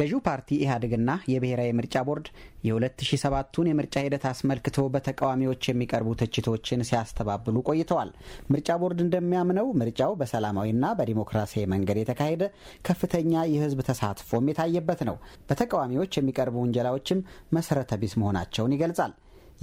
ገዢው ፓርቲ ኢህአዴግና የብሔራዊ ምርጫ ቦርድ የ2007ቱን የምርጫ ሂደት አስመልክቶ በተቃዋሚዎች የሚቀርቡ ትችቶችን ሲያስተባብሉ ቆይተዋል። ምርጫ ቦርድ እንደሚያምነው ምርጫው በሰላማዊና በዲሞክራሲያዊ መንገድ የተካሄደ ከፍተኛ የህዝብ ተሳትፎም የታየበት ነው። በተቃዋሚዎች የሚቀርቡ ውንጀላዎችም መሰረተ ቢስ መሆናቸውን ይገልጻል።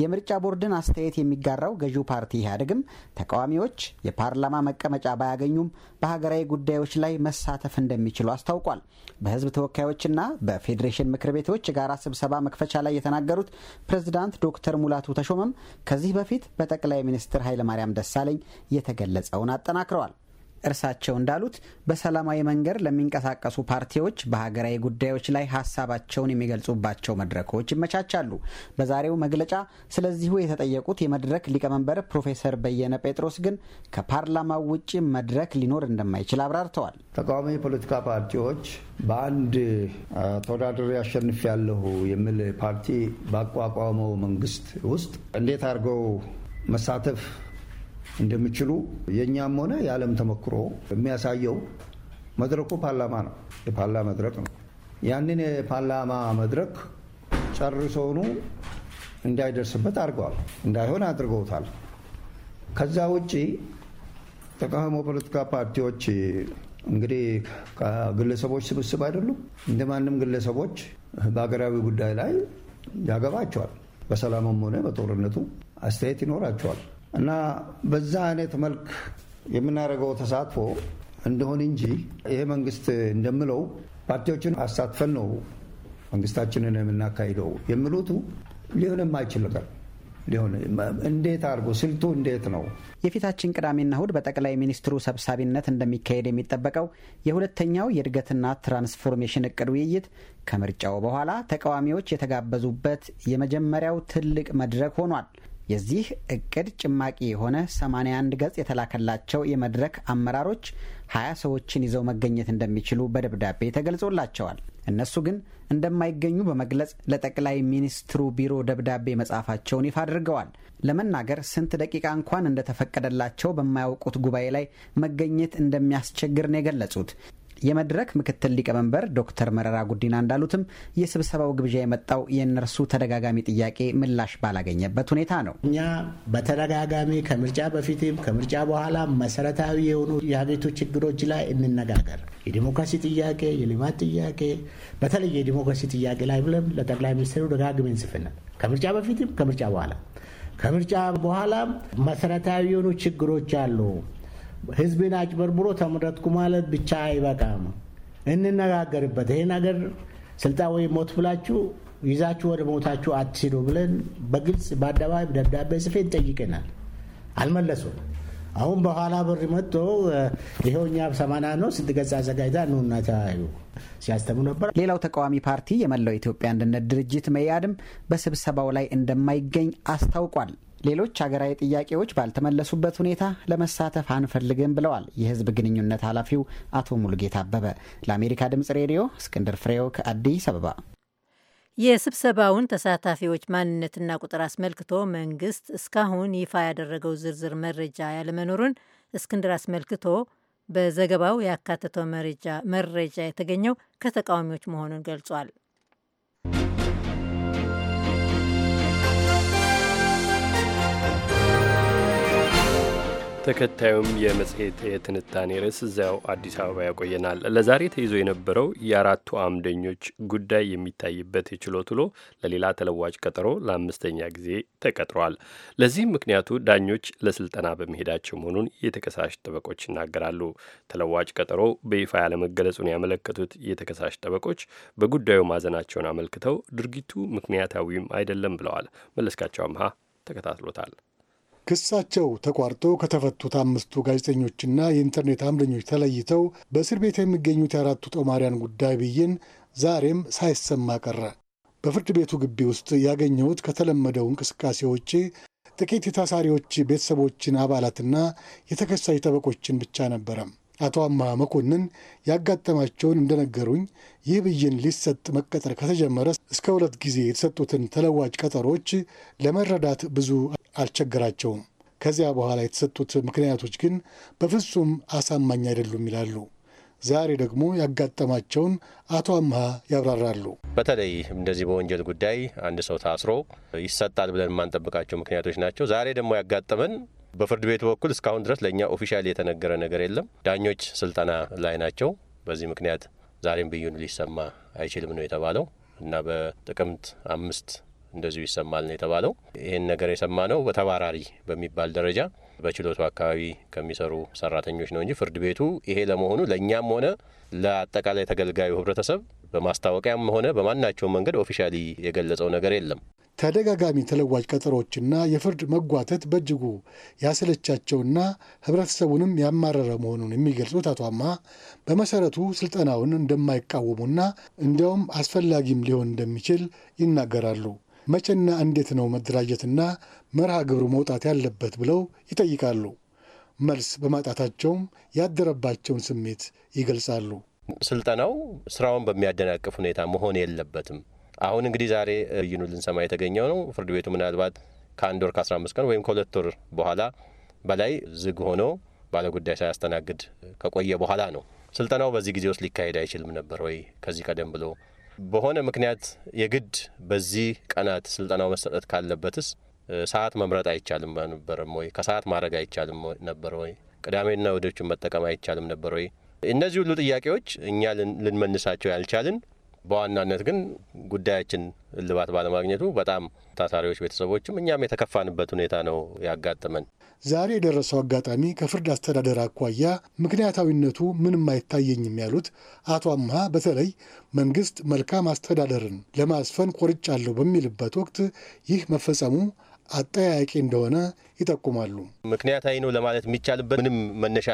የምርጫ ቦርድን አስተያየት የሚጋራው ገዢው ፓርቲ ኢህአዴግም ተቃዋሚዎች የፓርላማ መቀመጫ ባያገኙም በሀገራዊ ጉዳዮች ላይ መሳተፍ እንደሚችሉ አስታውቋል። በህዝብ ተወካዮችና በፌዴሬሽን ምክር ቤቶች የጋራ ስብሰባ መክፈቻ ላይ የተናገሩት ፕሬዝዳንት ዶክተር ሙላቱ ተሾመም ከዚህ በፊት በጠቅላይ ሚኒስትር ኃይለማርያም ደሳለኝ የተገለጸውን አጠናክረዋል። እርሳቸው እንዳሉት በሰላማዊ መንገድ ለሚንቀሳቀሱ ፓርቲዎች በሀገራዊ ጉዳዮች ላይ ሀሳባቸውን የሚገልጹባቸው መድረኮች ይመቻቻሉ። በዛሬው መግለጫ ስለዚሁ የተጠየቁት የመድረክ ሊቀመንበር ፕሮፌሰር በየነ ጴጥሮስ ግን ከፓርላማው ውጭ መድረክ ሊኖር እንደማይችል አብራርተዋል። ተቃዋሚ የፖለቲካ ፓርቲዎች በአንድ ተወዳድሬ ያለሁ የሚል ፓርቲ ባቋቋመው መንግስት ውስጥ እንዴት አድርገው መሳተፍ እንደሚችሉ የእኛም ሆነ የዓለም ተሞክሮ የሚያሳየው መድረኩ ፓርላማ ነው። የፓርላ መድረክ ነው። ያንን የፓርላማ መድረክ ጨርሶኑ እንዳይደርስበት አድርገዋል። እንዳይሆን አድርገውታል። ከዛ ውጭ ተቃውሞ ፖለቲካ ፓርቲዎች እንግዲህ ከግለሰቦች ስብስብ አይደሉም። እንደ ማንም ግለሰቦች በሀገራዊ ጉዳይ ላይ ያገባቸዋል። በሰላምም ሆነ በጦርነቱ አስተያየት ይኖራቸዋል። እና በዛ አይነት መልክ የምናደርገው ተሳትፎ እንደሆን እንጂ ይሄ መንግስት እንደምለው ፓርቲዎችን አሳትፈን ነው መንግስታችንን የምናካሂደው የሚሉቱ ሊሆን የማይችል እንዴት አድርጎ ስልቱ እንዴት ነው? የፊታችን ቅዳሜና እሁድ በጠቅላይ ሚኒስትሩ ሰብሳቢነት እንደሚካሄድ የሚጠበቀው የሁለተኛው የእድገትና ትራንስፎርሜሽን እቅድ ውይይት ከምርጫው በኋላ ተቃዋሚዎች የተጋበዙበት የመጀመሪያው ትልቅ መድረክ ሆኗል። የዚህ እቅድ ጭማቂ የሆነ 81 ገጽ የተላከላቸው የመድረክ አመራሮች 20 ሰዎችን ይዘው መገኘት እንደሚችሉ በደብዳቤ ተገልጾላቸዋል። እነሱ ግን እንደማይገኙ በመግለጽ ለጠቅላይ ሚኒስትሩ ቢሮ ደብዳቤ መጻፋቸውን ይፋ አድርገዋል። ለመናገር ስንት ደቂቃ እንኳን እንደተፈቀደላቸው በማያውቁት ጉባኤ ላይ መገኘት እንደሚያስቸግር ነው የገለጹት። የመድረክ ምክትል ሊቀመንበር ዶክተር መረራ ጉዲና እንዳሉትም የስብሰባው ግብዣ የመጣው የእነርሱ ተደጋጋሚ ጥያቄ ምላሽ ባላገኘበት ሁኔታ ነው። እኛ በተደጋጋሚ ከምርጫ በፊትም ከምርጫ በኋላ መሰረታዊ የሆኑ የሀገሪቱ ችግሮች ላይ እንነጋገር፣ የዲሞክራሲ ጥያቄ፣ የልማት ጥያቄ፣ በተለይ የዲሞክራሲ ጥያቄ ላይ ብለን ለጠቅላይ ሚኒስትሩ ደጋግመን ጽፈናል። ከምርጫ በፊትም ከምርጫ በኋላ ከምርጫ በኋላ መሰረታዊ የሆኑ ችግሮች አሉ ህዝብን አጭበርብሮ ተመረጥኩ ማለት ብቻ አይበቃም። እንነጋገርበት። ይሄ ነገር ስልጣን ወይ ሞት ብላችሁ ይዛችሁ ወደ ሞታችሁ አትሲዱ ብለን በግልጽ በአደባባይ ደብዳቤ ጽፌን ጠይቀናል። አልመለሱም። አሁን በኋላ ብር መጥቶ ይኸው እኛ ሰማና ነው ስንት ገጽ አዘጋጅታ ኑና ተያዩ ሲያስተምሩ ነበር። ሌላው ተቃዋሚ ፓርቲ የመላው ኢትዮጵያ አንድነት ድርጅት መያድም በስብሰባው ላይ እንደማይገኝ አስታውቋል። ሌሎች ሀገራዊ ጥያቄዎች ባልተመለሱበት ሁኔታ ለመሳተፍ አንፈልግም ብለዋል የህዝብ ግንኙነት ኃላፊው አቶ ሙሉጌታ አበበ። ለአሜሪካ ድምጽ ሬዲዮ እስክንድር ፍሬው ከአዲስ አበባ። የስብሰባውን ተሳታፊዎች ማንነትና ቁጥር አስመልክቶ መንግስት እስካሁን ይፋ ያደረገው ዝርዝር መረጃ ያለመኖሩን እስክንድር አስመልክቶ በዘገባው ያካተተው መረጃ የተገኘው ከተቃዋሚዎች መሆኑን ገልጿል። ተከታዩም የመጽሔት የትንታኔ ርዕስ እዚያው አዲስ አበባ ያቆየናል። ለዛሬ ተይዞ የነበረው የአራቱ አምደኞች ጉዳይ የሚታይበት የችሎት ውሎ ለሌላ ተለዋጭ ቀጠሮ ለአምስተኛ ጊዜ ተቀጥሯል። ለዚህም ምክንያቱ ዳኞች ለስልጠና በመሄዳቸው መሆኑን የተከሳሽ ጠበቆች ይናገራሉ። ተለዋጭ ቀጠሮ በይፋ ያለመገለጹን ያመለከቱት የተከሳሽ ጠበቆች በጉዳዩ ማዘናቸውን አመልክተው ድርጊቱ ምክንያታዊም አይደለም ብለዋል። መለስካቸው አምሃ ተከታትሎታል። ክሳቸው ተቋርጦ ከተፈቱት አምስቱ ጋዜጠኞችና የኢንተርኔት አምደኞች ተለይተው በእስር ቤት የሚገኙት የአራቱ ጦማሪያን ጉዳይ ብይን ዛሬም ሳይሰማ ቀረ። በፍርድ ቤቱ ግቢ ውስጥ ያገኘሁት ከተለመደው እንቅስቃሴ ውጪ ጥቂት የታሳሪዎች ቤተሰቦችን አባላትና የተከሳሽ ጠበቆችን ብቻ ነበረ። አቶ አማ መኮንን ያጋጠማቸውን እንደነገሩኝ ይህ ብይን ሊሰጥ መቀጠር ከተጀመረ እስከ ሁለት ጊዜ የተሰጡትን ተለዋጭ ቀጠሮች ለመረዳት ብዙ አልቸገራቸውም። ከዚያ በኋላ የተሰጡት ምክንያቶች ግን በፍጹም አሳማኝ አይደሉም ይላሉ። ዛሬ ደግሞ ያጋጠማቸውን አቶ አምሃ ያብራራሉ። በተለይ እንደዚህ በወንጀል ጉዳይ አንድ ሰው ታስሮ ይሰጣል ብለን የማንጠብቃቸው ምክንያቶች ናቸው። ዛሬ ደግሞ ያጋጠመን በፍርድ ቤቱ በኩል እስካሁን ድረስ ለእኛ ኦፊሻል የተነገረ ነገር የለም። ዳኞች ስልጠና ላይ ናቸው። በዚህ ምክንያት ዛሬም ብይኑ ሊሰማ አይችልም ነው የተባለው እና በጥቅምት አምስት እንደዚሁ ይሰማል ነው የተባለው። ይህን ነገር የሰማ ነው በተባራሪ በሚባል ደረጃ በችሎቱ አካባቢ ከሚሰሩ ሰራተኞች ነው እንጂ ፍርድ ቤቱ ይሄ ለመሆኑ ለእኛም ሆነ ለአጠቃላይ ተገልጋዩ ህብረተሰብ በማስታወቂያም ሆነ በማናቸውም መንገድ ኦፊሻሊ የገለጸው ነገር የለም። ተደጋጋሚ ተለዋጭ ቀጠሮችና የፍርድ መጓተት በእጅጉ ያሰለቻቸውና ህብረተሰቡንም ያማረረ መሆኑን የሚገልጹት አቶ አማ በመሰረቱ ስልጠናውን እንደማይቃወሙና እንዲያውም አስፈላጊም ሊሆን እንደሚችል ይናገራሉ። መቼና እንዴት ነው መደራጀትና መርሃ ግብሩ መውጣት ያለበት ብለው ይጠይቃሉ። መልስ በማጣታቸውም ያደረባቸውን ስሜት ይገልጻሉ። ስልጠናው ስራውን በሚያደናቅፍ ሁኔታ መሆን የለበትም። አሁን እንግዲህ ዛሬ ብይኑ ልንሰማ የተገኘው ነው። ፍርድ ቤቱ ምናልባት ከአንድ ወር ከአስራ አምስት ቀን ወይም ከሁለት ወር በኋላ በላይ ዝግ ሆኖ ባለጉዳይ ሳያስተናግድ ከቆየ በኋላ ነው። ስልጠናው በዚህ ጊዜ ውስጥ ሊካሄድ አይችልም ነበር ወይ ከዚህ ቀደም ብሎ በሆነ ምክንያት የግድ በዚህ ቀናት ስልጠናው መሰጠት ካለበትስ ሰዓት መምረጥ አይቻልም ነበርም ወይ? ከሰዓት ማድረግ አይቻልም ነበር ወይ? ቅዳሜና እሁዶችን መጠቀም አይቻልም ነበር ወይ? እነዚህ ሁሉ ጥያቄዎች እኛ ልንመልሳቸው ያልቻልን፣ በዋናነት ግን ጉዳያችን እልባት ባለማግኘቱ በጣም ታሳሪዎች ቤተሰቦችም እኛም የተከፋንበት ሁኔታ ነው ያጋጠመን። ዛሬ የደረሰው አጋጣሚ ከፍርድ አስተዳደር አኳያ ምክንያታዊነቱ ምንም አይታየኝም ያሉት አቶ አምሃ በተለይ መንግስት መልካም አስተዳደርን ለማስፈን ቆርጫለሁ በሚልበት ወቅት ይህ መፈጸሙ አጠያቂ እንደሆነ ይጠቁማሉ። ምክንያታዊ ነው ለማለት የሚቻልበት ምንም መነሻ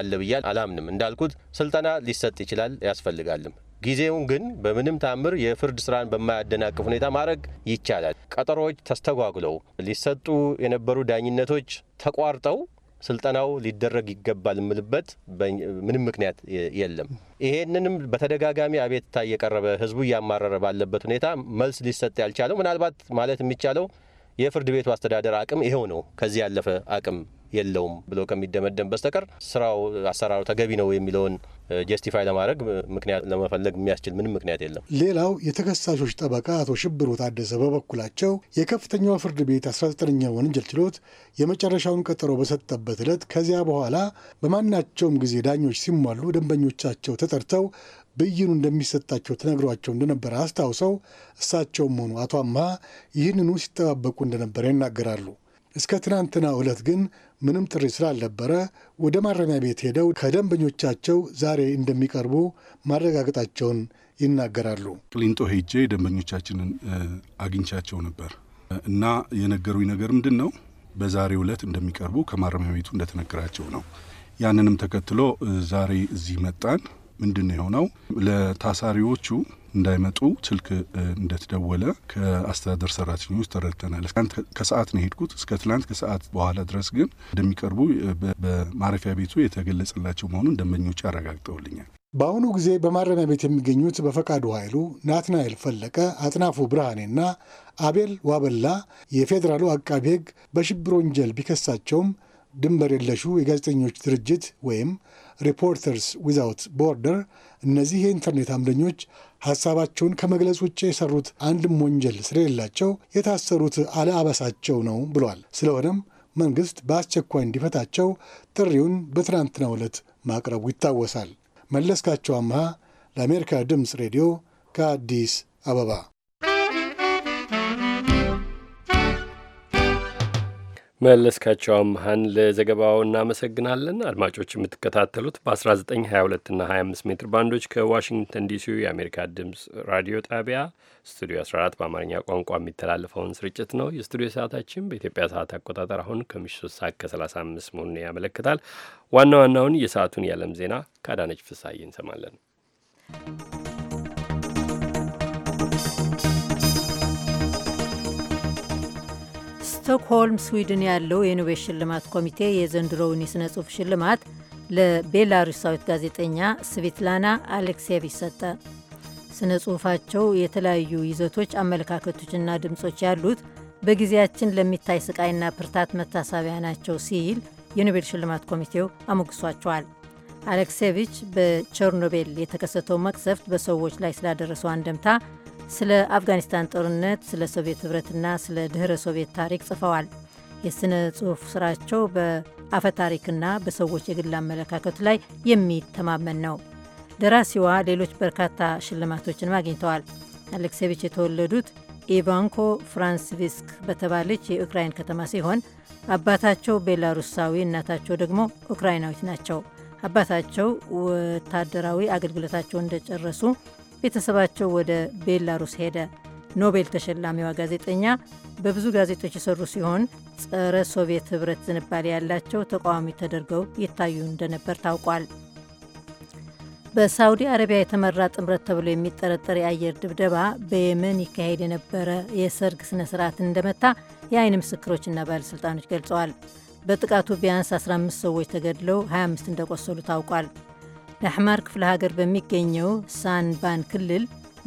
አለ አላምንም። እንዳልኩት ስልጠና ሊሰጥ ይችላል ያስፈልጋልም። ጊዜውን ግን በምንም ታምር የፍርድ ስራን በማያደናቅፍ ሁኔታ ማድረግ ይቻላል። ቀጠሮዎች ተስተጓጉለው ሊሰጡ የነበሩ ዳኝነቶች ተቋርጠው ስልጠናው ሊደረግ ይገባል የምልበት ምንም ምክንያት የለም። ይሄንንም በተደጋጋሚ አቤቱታ እየቀረበ ህዝቡ እያማረረ ባለበት ሁኔታ መልስ ሊሰጥ ያልቻለው ምናልባት ማለት የሚቻለው የፍርድ ቤቱ አስተዳደር አቅም ይሄው ነው። ከዚህ ያለፈ አቅም የለውም ብሎ ከሚደመደም በስተቀር ስራው አሰራሩ ተገቢ ነው የሚለውን ጀስቲፋይ ለማድረግ ምክንያት ለመፈለግ የሚያስችል ምንም ምክንያት የለም። ሌላው የተከሳሾች ጠበቃ አቶ ሽብሩ ታደሰ በበኩላቸው የከፍተኛው ፍርድ ቤት 19 ኛው ወንጀል ችሎት የመጨረሻውን ቀጠሮ በሰጠበት ዕለት ከዚያ በኋላ በማናቸውም ጊዜ ዳኞች ሲሟሉ ደንበኞቻቸው ተጠርተው ብይኑ እንደሚሰጣቸው ተነግሯቸው እንደነበረ አስታውሰው እሳቸውም ሆኑ አቶ አምሃ ይህንኑ ሲጠባበቁ እንደነበረ ይናገራሉ። እስከ ትናንትና ዕለት ግን ምንም ጥሪ ስላልነበረ ወደ ማረሚያ ቤት ሄደው ከደንበኞቻቸው ዛሬ እንደሚቀርቡ ማረጋገጣቸውን ይናገራሉ። ቅሊንጦ ሄጄ ደንበኞቻችንን አግኝቻቸው ነበር እና የነገሩኝ ነገር ምንድን ነው? በዛሬው ዕለት እንደሚቀርቡ ከማረሚያ ቤቱ እንደተነገራቸው ነው። ያንንም ተከትሎ ዛሬ እዚህ መጣን። ምንድን ነው የሆነው? ለታሳሪዎቹ እንዳይመጡ ስልክ እንደተደወለ ከአስተዳደር ሰራተኞች ተረድተናል። ከሰዓት ነው የሄድኩት። እስከ ትላንት ከሰዓት በኋላ ድረስ ግን እንደሚቀርቡ በማረፊያ ቤቱ የተገለጸላቸው መሆኑን ደንበኞች አረጋግጠውልኛል። በአሁኑ ጊዜ በማረሚያ ቤት የሚገኙት በፈቃዱ ኃይሉ፣ ናትናኤል ፈለቀ፣ አጥናፉ ብርሃኔና አቤል ዋበላ የፌዴራሉ አቃቢ ሕግ በሽብር ወንጀል ቢከሳቸውም ድንበር የለሹ የጋዜጠኞች ድርጅት ወይም ሪፖርተርስ ዊዛውት ቦርደር እነዚህ የኢንተርኔት አምደኞች ሀሳባቸውን ከመግለጽ ውጭ የሰሩት አንድም ወንጀል ስለሌላቸው የታሰሩት አለአበሳቸው ነው ብሏል። ስለሆነም መንግስት በአስቸኳይ እንዲፈታቸው ጥሪውን በትናንትናው ዕለት ማቅረቡ ይታወሳል። መለስካቸው አምሃ ለአሜሪካ ድምፅ ሬዲዮ ከአዲስ አበባ መለስካቸው አምሃን ለዘገባው እናመሰግናለን። አድማጮች የምትከታተሉት በ1922 እና 25 ሜትር ባንዶች ከዋሽንግተን ዲሲ የአሜሪካ ድምፅ ራዲዮ ጣቢያ ስቱዲዮ 14 በአማርኛ ቋንቋ የሚተላለፈውን ስርጭት ነው። የስቱዲዮ ሰዓታችን በኢትዮጵያ ሰዓት አቆጣጠር አሁን ከምሽቱ 3 ሰዓት ከ35 መሆኑን ያመለክታል። ዋና ዋናውን የሰዓቱን የዓለም ዜና ከአዳነች ፍሳዬ እንሰማለን። ስቶክሆልም ስዊድን ያለው የኖቤል ሽልማት ኮሚቴ የዘንድሮውን የሥነ ጽሑፍ ሽልማት ለቤላሩሳዊት ጋዜጠኛ ስቬትላና አሌክሴየቪች ሰጠ። ስነ ጽሑፋቸው የተለያዩ ይዘቶች፣ አመለካከቶችና ድምፆች ያሉት በጊዜያችን ለሚታይ ስቃይና ፍርታት መታሰቢያ ናቸው ሲል የኖቤል ሽልማት ኮሚቴው አሞግሷቸዋል። አሌክሴቪች በቸርኖቤል የተከሰተው መቅሰፍት በሰዎች ላይ ስላደረሰው አንደምታ ስለ አፍጋኒስታን ጦርነት፣ ስለ ሶቪየት ህብረትና ስለ ድህረ ሶቪየት ታሪክ ጽፈዋል። የሥነ ጽሑፍ ሥራቸው በአፈ ታሪክና በሰዎች የግል አመለካከቱ ላይ የሚተማመን ነው። ደራሲዋ ሌሎች በርካታ ሽልማቶችንም አግኝተዋል። አሌክሴቪች የተወለዱት ኢቫንኮ ፍራንስቪስክ በተባለች የዩክራይን ከተማ ሲሆን አባታቸው ቤላሩሳዊ እናታቸው ደግሞ ኡክራይናዊት ናቸው። አባታቸው ወታደራዊ አገልግሎታቸውን እንደጨረሱ ቤተሰባቸው ወደ ቤላሩስ ሄደ። ኖቤል ተሸላሚዋ ጋዜጠኛ በብዙ ጋዜጦች የሰሩ ሲሆን ጸረ ሶቪየት ህብረት ዝንባሌ ያላቸው ተቃዋሚ ተደርገው ይታዩ እንደነበር ታውቋል። በሳውዲ አረቢያ የተመራ ጥምረት ተብሎ የሚጠረጠር የአየር ድብደባ በየመን ይካሄድ የነበረ የሰርግ ስነ ስርዓትን እንደመታ የአይን ምስክሮችና ባለሥልጣኖች ገልጸዋል። በጥቃቱ ቢያንስ 15 ሰዎች ተገድለው 25 እንደቆሰሉ ታውቋል። ዳሕማር ክፍለ ሀገር በሚገኘው ሳንባን ክልል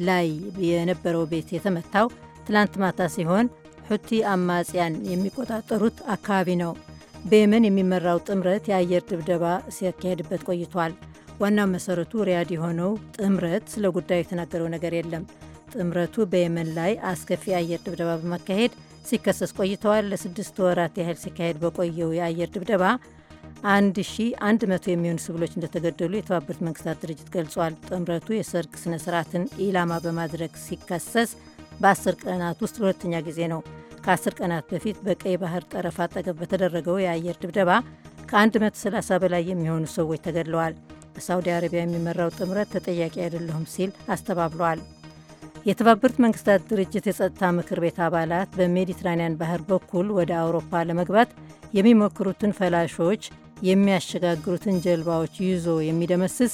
ላይ የነበረው ቤት የተመታው ትላንት ማታ ሲሆን ሑቲ አማጽያን የሚቆጣጠሩት አካባቢ ነው። በየመን የሚመራው ጥምረት የአየር ድብደባ ሲያካሄድበት ቆይቷል። ዋናው መሰረቱ ሪያድ የሆነው ጥምረት ስለ ጉዳዩ የተናገረው ነገር የለም። ጥምረቱ በየመን ላይ አስከፊ የአየር ድብደባ በማካሄድ ሲከሰስ ቆይተዋል። ለስድስት ወራት ያህል ሲካሄድ በቆየው የአየር ድብደባ 1100 የሚሆኑ ስብሎች እንደተገደሉ የተባበሩት መንግስታት ድርጅት ገልጿል። ጥምረቱ የሰርግ ስነ ስርዓትን ኢላማ በማድረግ ሲከሰስ በ10 ቀናት ውስጥ ለሁለተኛ ጊዜ ነው። ከ10 ቀናት በፊት በቀይ ባህር ጠረፍ አጠገብ በተደረገው የአየር ድብደባ ከ130 በላይ የሚሆኑ ሰዎች ተገድለዋል። በሳውዲ አረቢያ የሚመራው ጥምረት ተጠያቂ አይደለሁም ሲል አስተባብሏል። የተባበሩት መንግስታት ድርጅት የጸጥታ ምክር ቤት አባላት በሜዲትራኒያን ባህር በኩል ወደ አውሮፓ ለመግባት የሚሞክሩትን ፈላሾች የሚያሸጋግሩትን ጀልባዎች ይዞ የሚደመስስ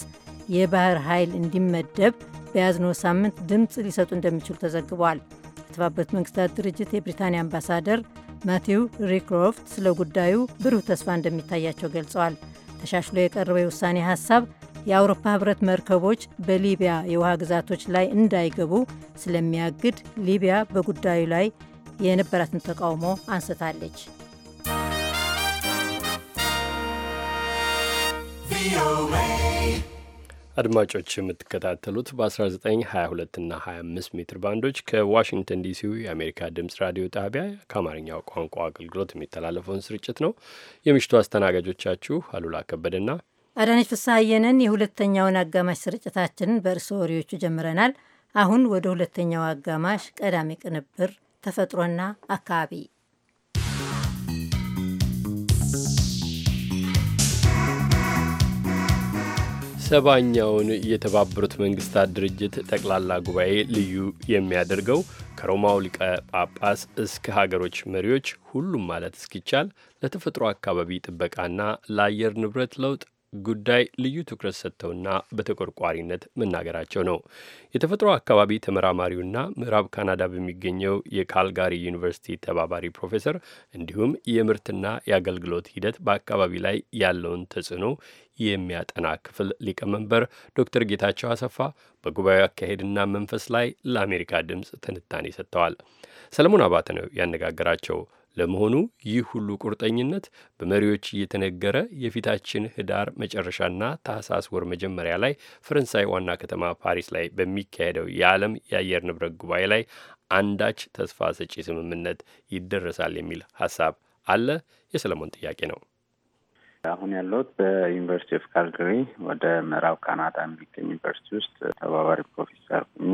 የባህር ኃይል እንዲመደብ በያዝነው ሳምንት ድምፅ ሊሰጡ እንደሚችሉ ተዘግቧል። የተባበሩት መንግስታት ድርጅት የብሪታንያ አምባሳደር ማቴው ሪክሮፍት ስለ ጉዳዩ ብሩህ ተስፋ እንደሚታያቸው ገልጸዋል። ተሻሽሎ የቀረበው የውሳኔ ሀሳብ የአውሮፓ ህብረት መርከቦች በሊቢያ የውሃ ግዛቶች ላይ እንዳይገቡ ስለሚያግድ ሊቢያ በጉዳዩ ላይ የነበራትን ተቃውሞ አንስታለች። አድማጮች የምትከታተሉት በ1922 እና 25 ሜትር ባንዶች ከዋሽንግተን ዲሲው የአሜሪካ ድምፅ ራዲዮ ጣቢያ ከአማርኛው ቋንቋ አገልግሎት የሚተላለፈውን ስርጭት ነው። የምሽቱ አስተናጋጆቻችሁ አሉላ ከበደና አዳነች ፍስሐየንን። የሁለተኛውን አጋማሽ ስርጭታችንን በእርስ ወሬዎቹ ጀምረናል። አሁን ወደ ሁለተኛው አጋማሽ ቀዳሚ ቅንብር ተፈጥሮና አካባቢ ሰባኛውን የተባበሩት መንግስታት ድርጅት ጠቅላላ ጉባኤ ልዩ የሚያደርገው ከሮማው ሊቀ ጳጳስ እስከ ሀገሮች መሪዎች ሁሉም ማለት እስኪቻል ለተፈጥሮ አካባቢ ጥበቃና ለአየር ንብረት ለውጥ ጉዳይ ልዩ ትኩረት ሰጥተውና በተቆርቋሪነት መናገራቸው ነው። የተፈጥሮ አካባቢ ተመራማሪውና ምዕራብ ካናዳ በሚገኘው የካልጋሪ ዩኒቨርሲቲ ተባባሪ ፕሮፌሰር እንዲሁም የምርትና የአገልግሎት ሂደት በአካባቢ ላይ ያለውን ተጽዕኖ የሚያጠና ክፍል ሊቀመንበር ዶክተር ጌታቸው አሰፋ በጉባኤው አካሄድና መንፈስ ላይ ለአሜሪካ ድምፅ ትንታኔ ሰጥተዋል። ሰለሞን አባተ ነው ያነጋገራቸው። ለመሆኑ ይህ ሁሉ ቁርጠኝነት በመሪዎች እየተነገረ የፊታችን ህዳር መጨረሻና ታህሳስ ወር መጀመሪያ ላይ ፈረንሳይ ዋና ከተማ ፓሪስ ላይ በሚካሄደው የዓለም የአየር ንብረት ጉባኤ ላይ አንዳች ተስፋ ሰጪ ስምምነት ይደረሳል የሚል ሀሳብ አለ? የሰለሞን ጥያቄ ነው። አሁን ያለሁት በዩኒቨርሲቲ ኦፍ ካልግሪ ወደ ምዕራብ ካናዳ የሚገኝ ዩኒቨርሲቲ ውስጥ ተባባሪ ፕሮፌሰር ሁኜ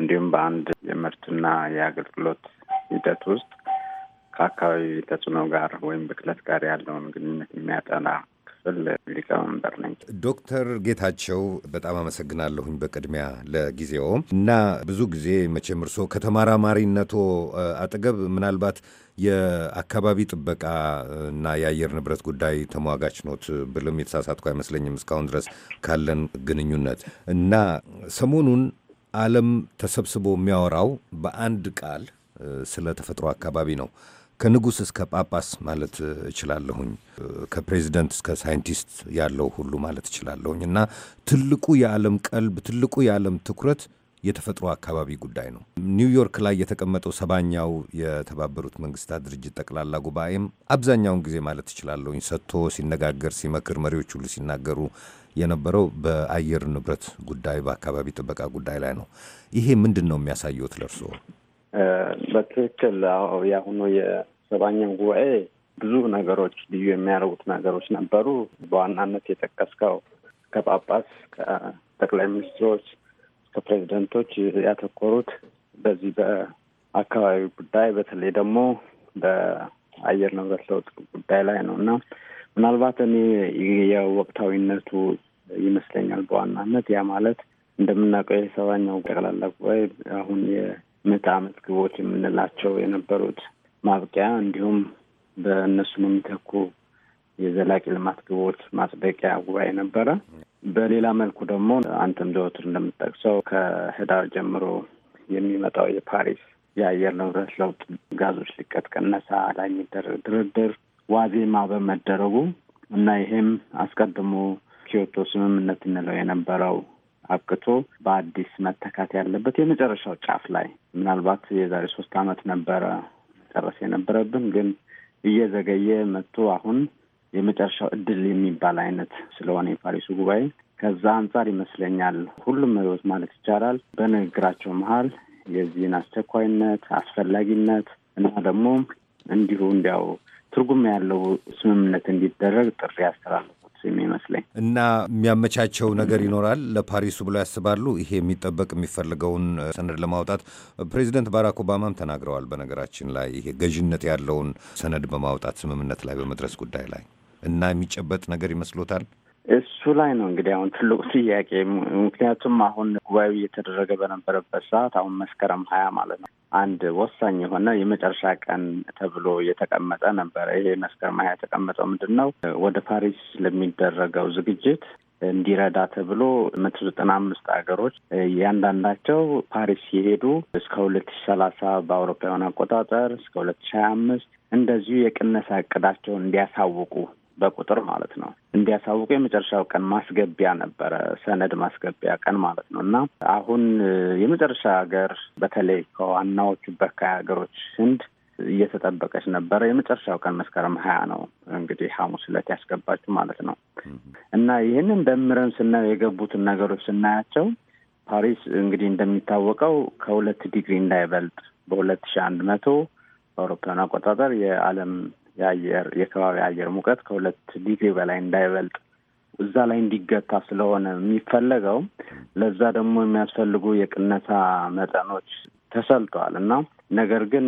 እንዲሁም በአንድ የምርትና የአገልግሎት ሂደት ውስጥ ከአካባቢ ተጽዕኖ ጋር ወይም ብክለት ጋር ያለውን ግንኙነት የሚያጠና ክፍል ሊቀመንበር ነኝ። ዶክተር ጌታቸው በጣም አመሰግናለሁኝ በቅድሚያ ለጊዜው እና ብዙ ጊዜ መቼም እርሶ ከተማራማሪነቶ አጠገብ ምናልባት የአካባቢ ጥበቃ እና የአየር ንብረት ጉዳይ ተሟጋች ኖት ብልም የተሳሳትኩ አይመስለኝም እስካሁን ድረስ ካለን ግንኙነት እና ሰሞኑን ዓለም ተሰብስቦ የሚያወራው በአንድ ቃል ስለ ተፈጥሮ አካባቢ ነው። ከንጉሥ እስከ ጳጳስ ማለት እችላለሁኝ፣ ከፕሬዚደንት እስከ ሳይንቲስት ያለው ሁሉ ማለት እችላለሁኝ። እና ትልቁ የዓለም ቀልብ፣ ትልቁ የዓለም ትኩረት የተፈጥሮ አካባቢ ጉዳይ ነው። ኒውዮርክ ላይ የተቀመጠው ሰባኛው የተባበሩት መንግስታት ድርጅት ጠቅላላ ጉባኤም አብዛኛውን ጊዜ ማለት እችላለሁኝ ሰጥቶ ሲነጋገር ሲመክር፣ መሪዎች ሁሉ ሲናገሩ የነበረው በአየር ንብረት ጉዳይ፣ በአካባቢ ጥበቃ ጉዳይ ላይ ነው። ይሄ ምንድን ነው የሚያሳየውት ለእርስዎ? በትክክል የአሁኑ የሰባኛው ጉባኤ ብዙ ነገሮች ልዩ የሚያደርጉት ነገሮች ነበሩ። በዋናነት የጠቀስከው ከጳጳስ ከጠቅላይ ሚኒስትሮች ከፕሬዚደንቶች ያተኮሩት በዚህ በአካባቢ ጉዳይ በተለይ ደግሞ በአየር ንብረት ለውጥ ጉዳይ ላይ ነው እና ምናልባት እኔ የወቅታዊነቱ ይመስለኛል በዋናነት ያ ማለት እንደምናውቀው የሰባኛው ጠቅላላ ጉባኤ አሁን ምዕተ ዓመት ግቦች የምንላቸው የነበሩት ማብቂያ እንዲሁም በእነሱም የሚተኩ የዘላቂ ልማት ግቦች ማጽደቂያ ጉባኤ ነበረ። በሌላ መልኩ ደግሞ አንተም ዘወትር እንደምጠቅሰው ከህዳር ጀምሮ የሚመጣው የፓሪስ የአየር ንብረት ለውጥ ጋዞች ልቀት ቀነሳ ላይ የሚደረግ ድርድር ዋዜማ በመደረጉ እና ይሄም አስቀድሞ ኪዮቶ ስምምነት እንለው የነበረው አብቅቶ በአዲስ መተካት ያለበት የመጨረሻው ጫፍ ላይ ምናልባት የዛሬ ሶስት ዓመት ነበረ መጨረስ የነበረብን ግን እየዘገየ መጥቶ አሁን የመጨረሻው እድል የሚባል አይነት ስለሆነ የፓሪሱ ጉባኤ ከዛ አንጻር ይመስለኛል ሁሉም መሪዎች ማለት ይቻላል በንግግራቸው መሀል የዚህን አስቸኳይነት አስፈላጊነት እና ደግሞ እንዲሁ እንዲያው ትርጉም ያለው ስምምነት እንዲደረግ ጥሪ ያስተላልፋል። የሚመስለኝ እና የሚያመቻቸው ነገር ይኖራል ለፓሪሱ ብለው ያስባሉ። ይሄ የሚጠበቅ የሚፈልገውን ሰነድ ለማውጣት ፕሬዚደንት ባራክ ኦባማም ተናግረዋል። በነገራችን ላይ ይሄ ገዥነት ያለውን ሰነድ በማውጣት ስምምነት ላይ በመድረስ ጉዳይ ላይ እና የሚጨበጥ ነገር ይመስሎታል? እሱ ላይ ነው እንግዲህ አሁን ትልቁ ጥያቄ። ምክንያቱም አሁን ጉባኤው እየተደረገ በነበረበት ሰዓት አሁን መስከረም ሀያ ማለት ነው አንድ ወሳኝ የሆነ የመጨረሻ ቀን ተብሎ የተቀመጠ ነበረ። ይሄ መስከረም ሀያ የተቀመጠው ምንድን ነው? ወደ ፓሪስ ለሚደረገው ዝግጅት እንዲረዳ ተብሎ መቶ ዘጠና አምስት ሀገሮች እያንዳንዳቸው ፓሪስ ሲሄዱ እስከ ሁለት ሺ ሰላሳ በአውሮፓውያን አቆጣጠር እስከ ሁለት ሺ ሀያ አምስት እንደዚሁ የቅነሳ እቅዳቸውን እንዲያሳውቁ በቁጥር ማለት ነው እንዲያሳውቁ የመጨረሻው ቀን ማስገቢያ ነበረ፣ ሰነድ ማስገቢያ ቀን ማለት ነው። እና አሁን የመጨረሻ ሀገር በተለይ ከዋናዎቹ በካይ ሀገሮች ህንድ እየተጠበቀች ነበረ። የመጨረሻው ቀን መስከረም ሀያ ነው እንግዲህ ሐሙስ ዕለት ያስገባችሁ ማለት ነው። እና ይህንን ደምረን ስናየው የገቡትን ነገሮች ስናያቸው ፓሪስ እንግዲህ እንደሚታወቀው ከሁለት ዲግሪ እንዳይበልጥ በሁለት ሺ አንድ መቶ በአውሮፓውያን አቆጣጠር የዓለም የአየር የከባቢ አየር ሙቀት ከሁለት ዲግሪ በላይ እንዳይበልጥ እዛ ላይ እንዲገታ ስለሆነ የሚፈለገው ለዛ ደግሞ የሚያስፈልጉ የቅነሳ መጠኖች ተሰልተዋል እና ነገር ግን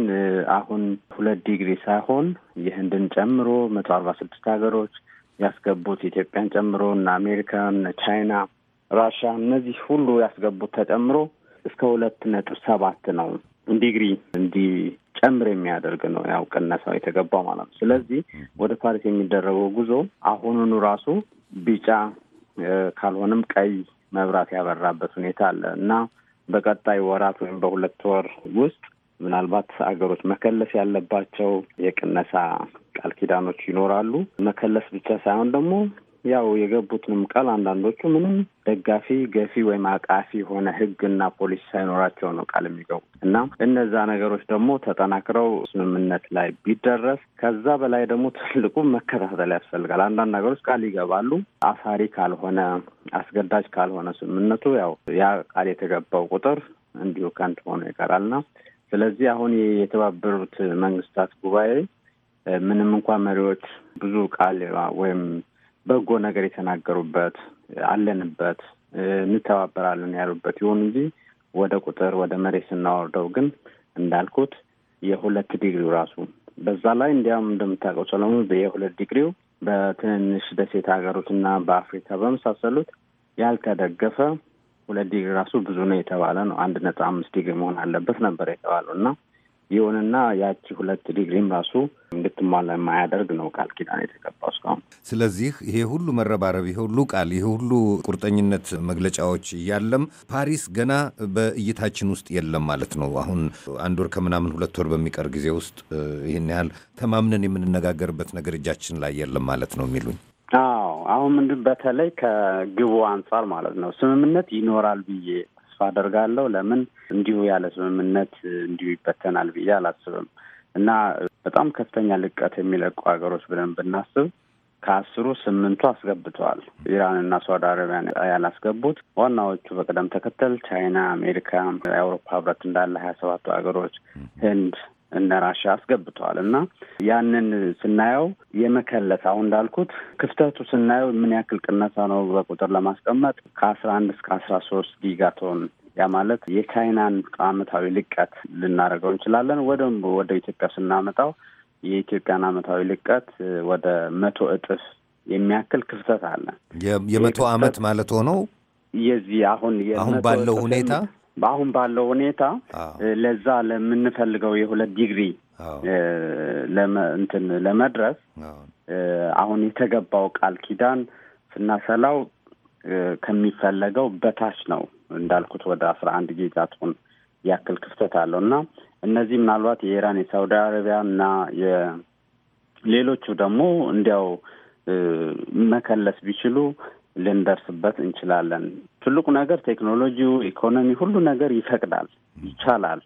አሁን ሁለት ዲግሪ ሳይሆን የህንድን ጨምሮ መቶ አርባ ስድስት ሀገሮች ያስገቡት ኢትዮጵያን ጨምሮ እና አሜሪካን፣ ቻይና፣ ራሽያ እነዚህ ሁሉ ያስገቡት ተጨምሮ እስከ ሁለት ነጥብ ሰባት ነው ዲግሪ እንዲ ጨምር የሚያደርግ ነው። ያው ቅነሳው የተገባው ማለት ነው። ስለዚህ ወደ ፓሪስ የሚደረገው ጉዞ አሁኑኑ ራሱ ቢጫ ካልሆነም ቀይ መብራት ያበራበት ሁኔታ አለ እና በቀጣይ ወራት ወይም በሁለት ወር ውስጥ ምናልባት አገሮች መከለስ ያለባቸው የቅነሳ ቃል ኪዳኖች ይኖራሉ። መከለስ ብቻ ሳይሆን ደግሞ ያው የገቡትንም ቃል አንዳንዶቹ ምንም ደጋፊ ገፊ ወይም አቃፊ የሆነ ህግና ፖሊስ ሳይኖራቸው ነው ቃል የሚገቡ እና እነዛ ነገሮች ደግሞ ተጠናክረው ስምምነት ላይ ቢደረስ፣ ከዛ በላይ ደግሞ ትልቁ መከታተል ያስፈልጋል። አንዳንድ ነገሮች ቃል ይገባሉ። አሳሪ ካልሆነ አስገዳጅ ካልሆነ ስምምነቱ ያው ያ ቃል የተገባው ቁጥር እንዲሁ ከንቱ ሆኖ ይቀራልና ስለዚህ አሁን የተባበሩት መንግስታት ጉባኤ ምንም እንኳን መሪዎች ብዙ ቃል ወይም በጎ ነገር የተናገሩበት አለንበት እንተባበራለን ያሉበት ይሁን እንጂ ወደ ቁጥር ወደ መሬት ስናወርደው ግን እንዳልኩት የሁለት ዲግሪው ራሱ በዛ ላይ እንዲያውም እንደምታውቀው ሰለሞን የሁለት ዲግሪው በትንንሽ ደሴት እና በአፍሪካ በመሳሰሉት ያልተደገፈ ሁለት ዲግሪ ራሱ ብዙ ነው የተባለ ነው። አንድ ነጥብ አምስት ዲግሪ መሆን አለበት ነበር የተባለው እና ይሁንና ያቺ ሁለት ዲግሪም ራሱ እንድትሟላ የማያደርግ ነው ቃል ኪዳን የተገባው እስካሁን። ስለዚህ ይሄ ሁሉ መረባረብ፣ ይሄ ሁሉ ቃል፣ ይሄ ሁሉ ቁርጠኝነት መግለጫዎች እያለም ፓሪስ ገና በእይታችን ውስጥ የለም ማለት ነው። አሁን አንድ ወር ከምናምን ሁለት ወር በሚቀር ጊዜ ውስጥ ይህን ያህል ተማምነን የምንነጋገርበት ነገር እጃችን ላይ የለም ማለት ነው የሚሉኝ አዎ አሁን ምንድን በተለይ ከግቡ አንጻር ማለት ነው ስምምነት ይኖራል ብዬ ተስፋ አደርጋለሁ። ለምን እንዲሁ ያለ ስምምነት እንዲሁ ይበተናል ብዬ አላስብም እና በጣም ከፍተኛ ልቀት የሚለቁ ሀገሮች ብለን ብናስብ ከአስሩ ስምንቱ አስገብተዋል። ኢራን እና ሳውዲ አረቢያን ያላስገቡት ዋናዎቹ በቅደም ተከተል ቻይና፣ አሜሪካ፣ የአውሮፓ ህብረት እንዳለ ሀያ ሰባቱ ሀገሮች፣ ህንድ፣ እነ ራሻ አስገብተዋል እና ያንን ስናየው የመከለስ አሁን እንዳልኩት ክፍተቱ ስናየው ምን ያክል ቅነሳ ነው በቁጥር ለማስቀመጥ ከአስራ አንድ እስከ አስራ ሶስት ጊጋቶን ያ ማለት የቻይናን አመታዊ ልቀት ልናደርገው እንችላለን። ወደ ወደ ኢትዮጵያ ስናመጣው የኢትዮጵያን አመታዊ ልቀት ወደ መቶ እጥፍ የሚያክል ክፍተት አለ። የመቶ አመት ማለት ሆነው የዚህ አሁን አሁን ባለው ሁኔታ በአሁን ባለው ሁኔታ ለዛ ለምንፈልገው የሁለት ዲግሪ እንትን ለመድረስ አሁን የተገባው ቃል ኪዳን ስናሰላው ከሚፈለገው በታች ነው እንዳልኩት ወደ አስራ አንድ ጊጋቶን ያክል ክፍተት አለው እና እነዚህ ምናልባት የኢራን የሳውዲ አረቢያ እና የሌሎቹ ደግሞ እንዲያው መከለስ ቢችሉ ልንደርስበት እንችላለን ትልቁ ነገር ቴክኖሎጂው፣ ኢኮኖሚ፣ ሁሉ ነገር ይፈቅዳል፣ ይቻላል።